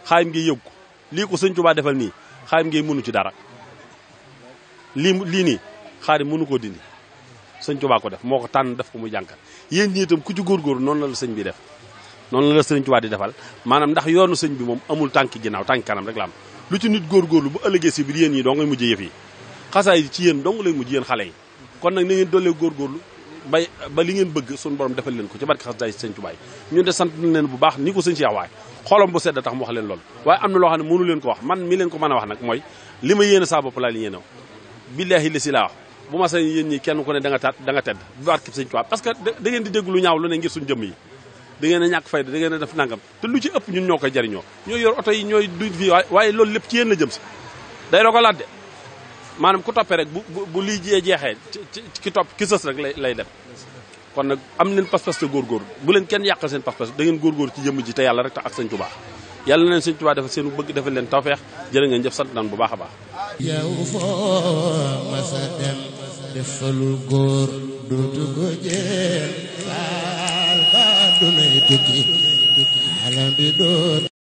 xaayim ngi yëg ko lii ko sëñ Touba defal nii xaayim ngi mënu ci dara lii lii nii xaari mënu koo dindi sëñ Tuubaa ko def moo ko tànn def ko mu jànkat yéen ñi itam ku ci góorgóorlu noonu la la sëñ bi def noonu la la sëñ di defal maanaam ndax yoonu sëñ bi moom amul tànki ginnaaw tànki kanam rek lu ci nit góorgóorlu bu yéen ñi dong ngay mujjee yëf yi xasaay ci yéen dong lay mujj yéen xale yi kon nag na ngeen doolee góorgóorlu bay ba li ngeen bëgg suñu borom defal leen ko ci barke xasaay sëñ Tuubaa ñun de sant na leen bu baax ni ko sëñ Cheikh waay xolam bu sedd tax mu wax leen lool waaye am na loo xam ne mënu leen ko wax man mi leen ko mën a wax nag mooy li ma yéene saa bopp laa li yéene billaahi la si laa wax bu ma sañ yéen ñi kenn ku ne da nga taat da nga tedd barke sëñ Tuubaa parce que da ngeen di dégg lu ñaaw lu ne ngir suñ jëmm yi da a ñàkk fayda da ngeen a def nangam te lu ci ëpp ñun ñoo koy jariñoo ñooy yor oto yi ñooy duñ fii waaye loolu lépp ci yéen la jëm si day roo ko de maanaam ku toppee rek bu bu lii jee jeexee ci ki topp ki sës rek lay lay dem kon nag am leen pas-pas te góorgóor bu leen kenn yàqal seen pas-pas da ngeen góorgóor ci jëmm ji te yàlla rek tax ak sëñ Tuubaa yàlla na leen Sëñ Tuubaa defal seen bëgg defal leen tawfeex jërë ngeen jëf sant naan bu baax a baax. yow foo masa dem defalul góor dootu ko jël faal ba du lay tukki tukki bi doot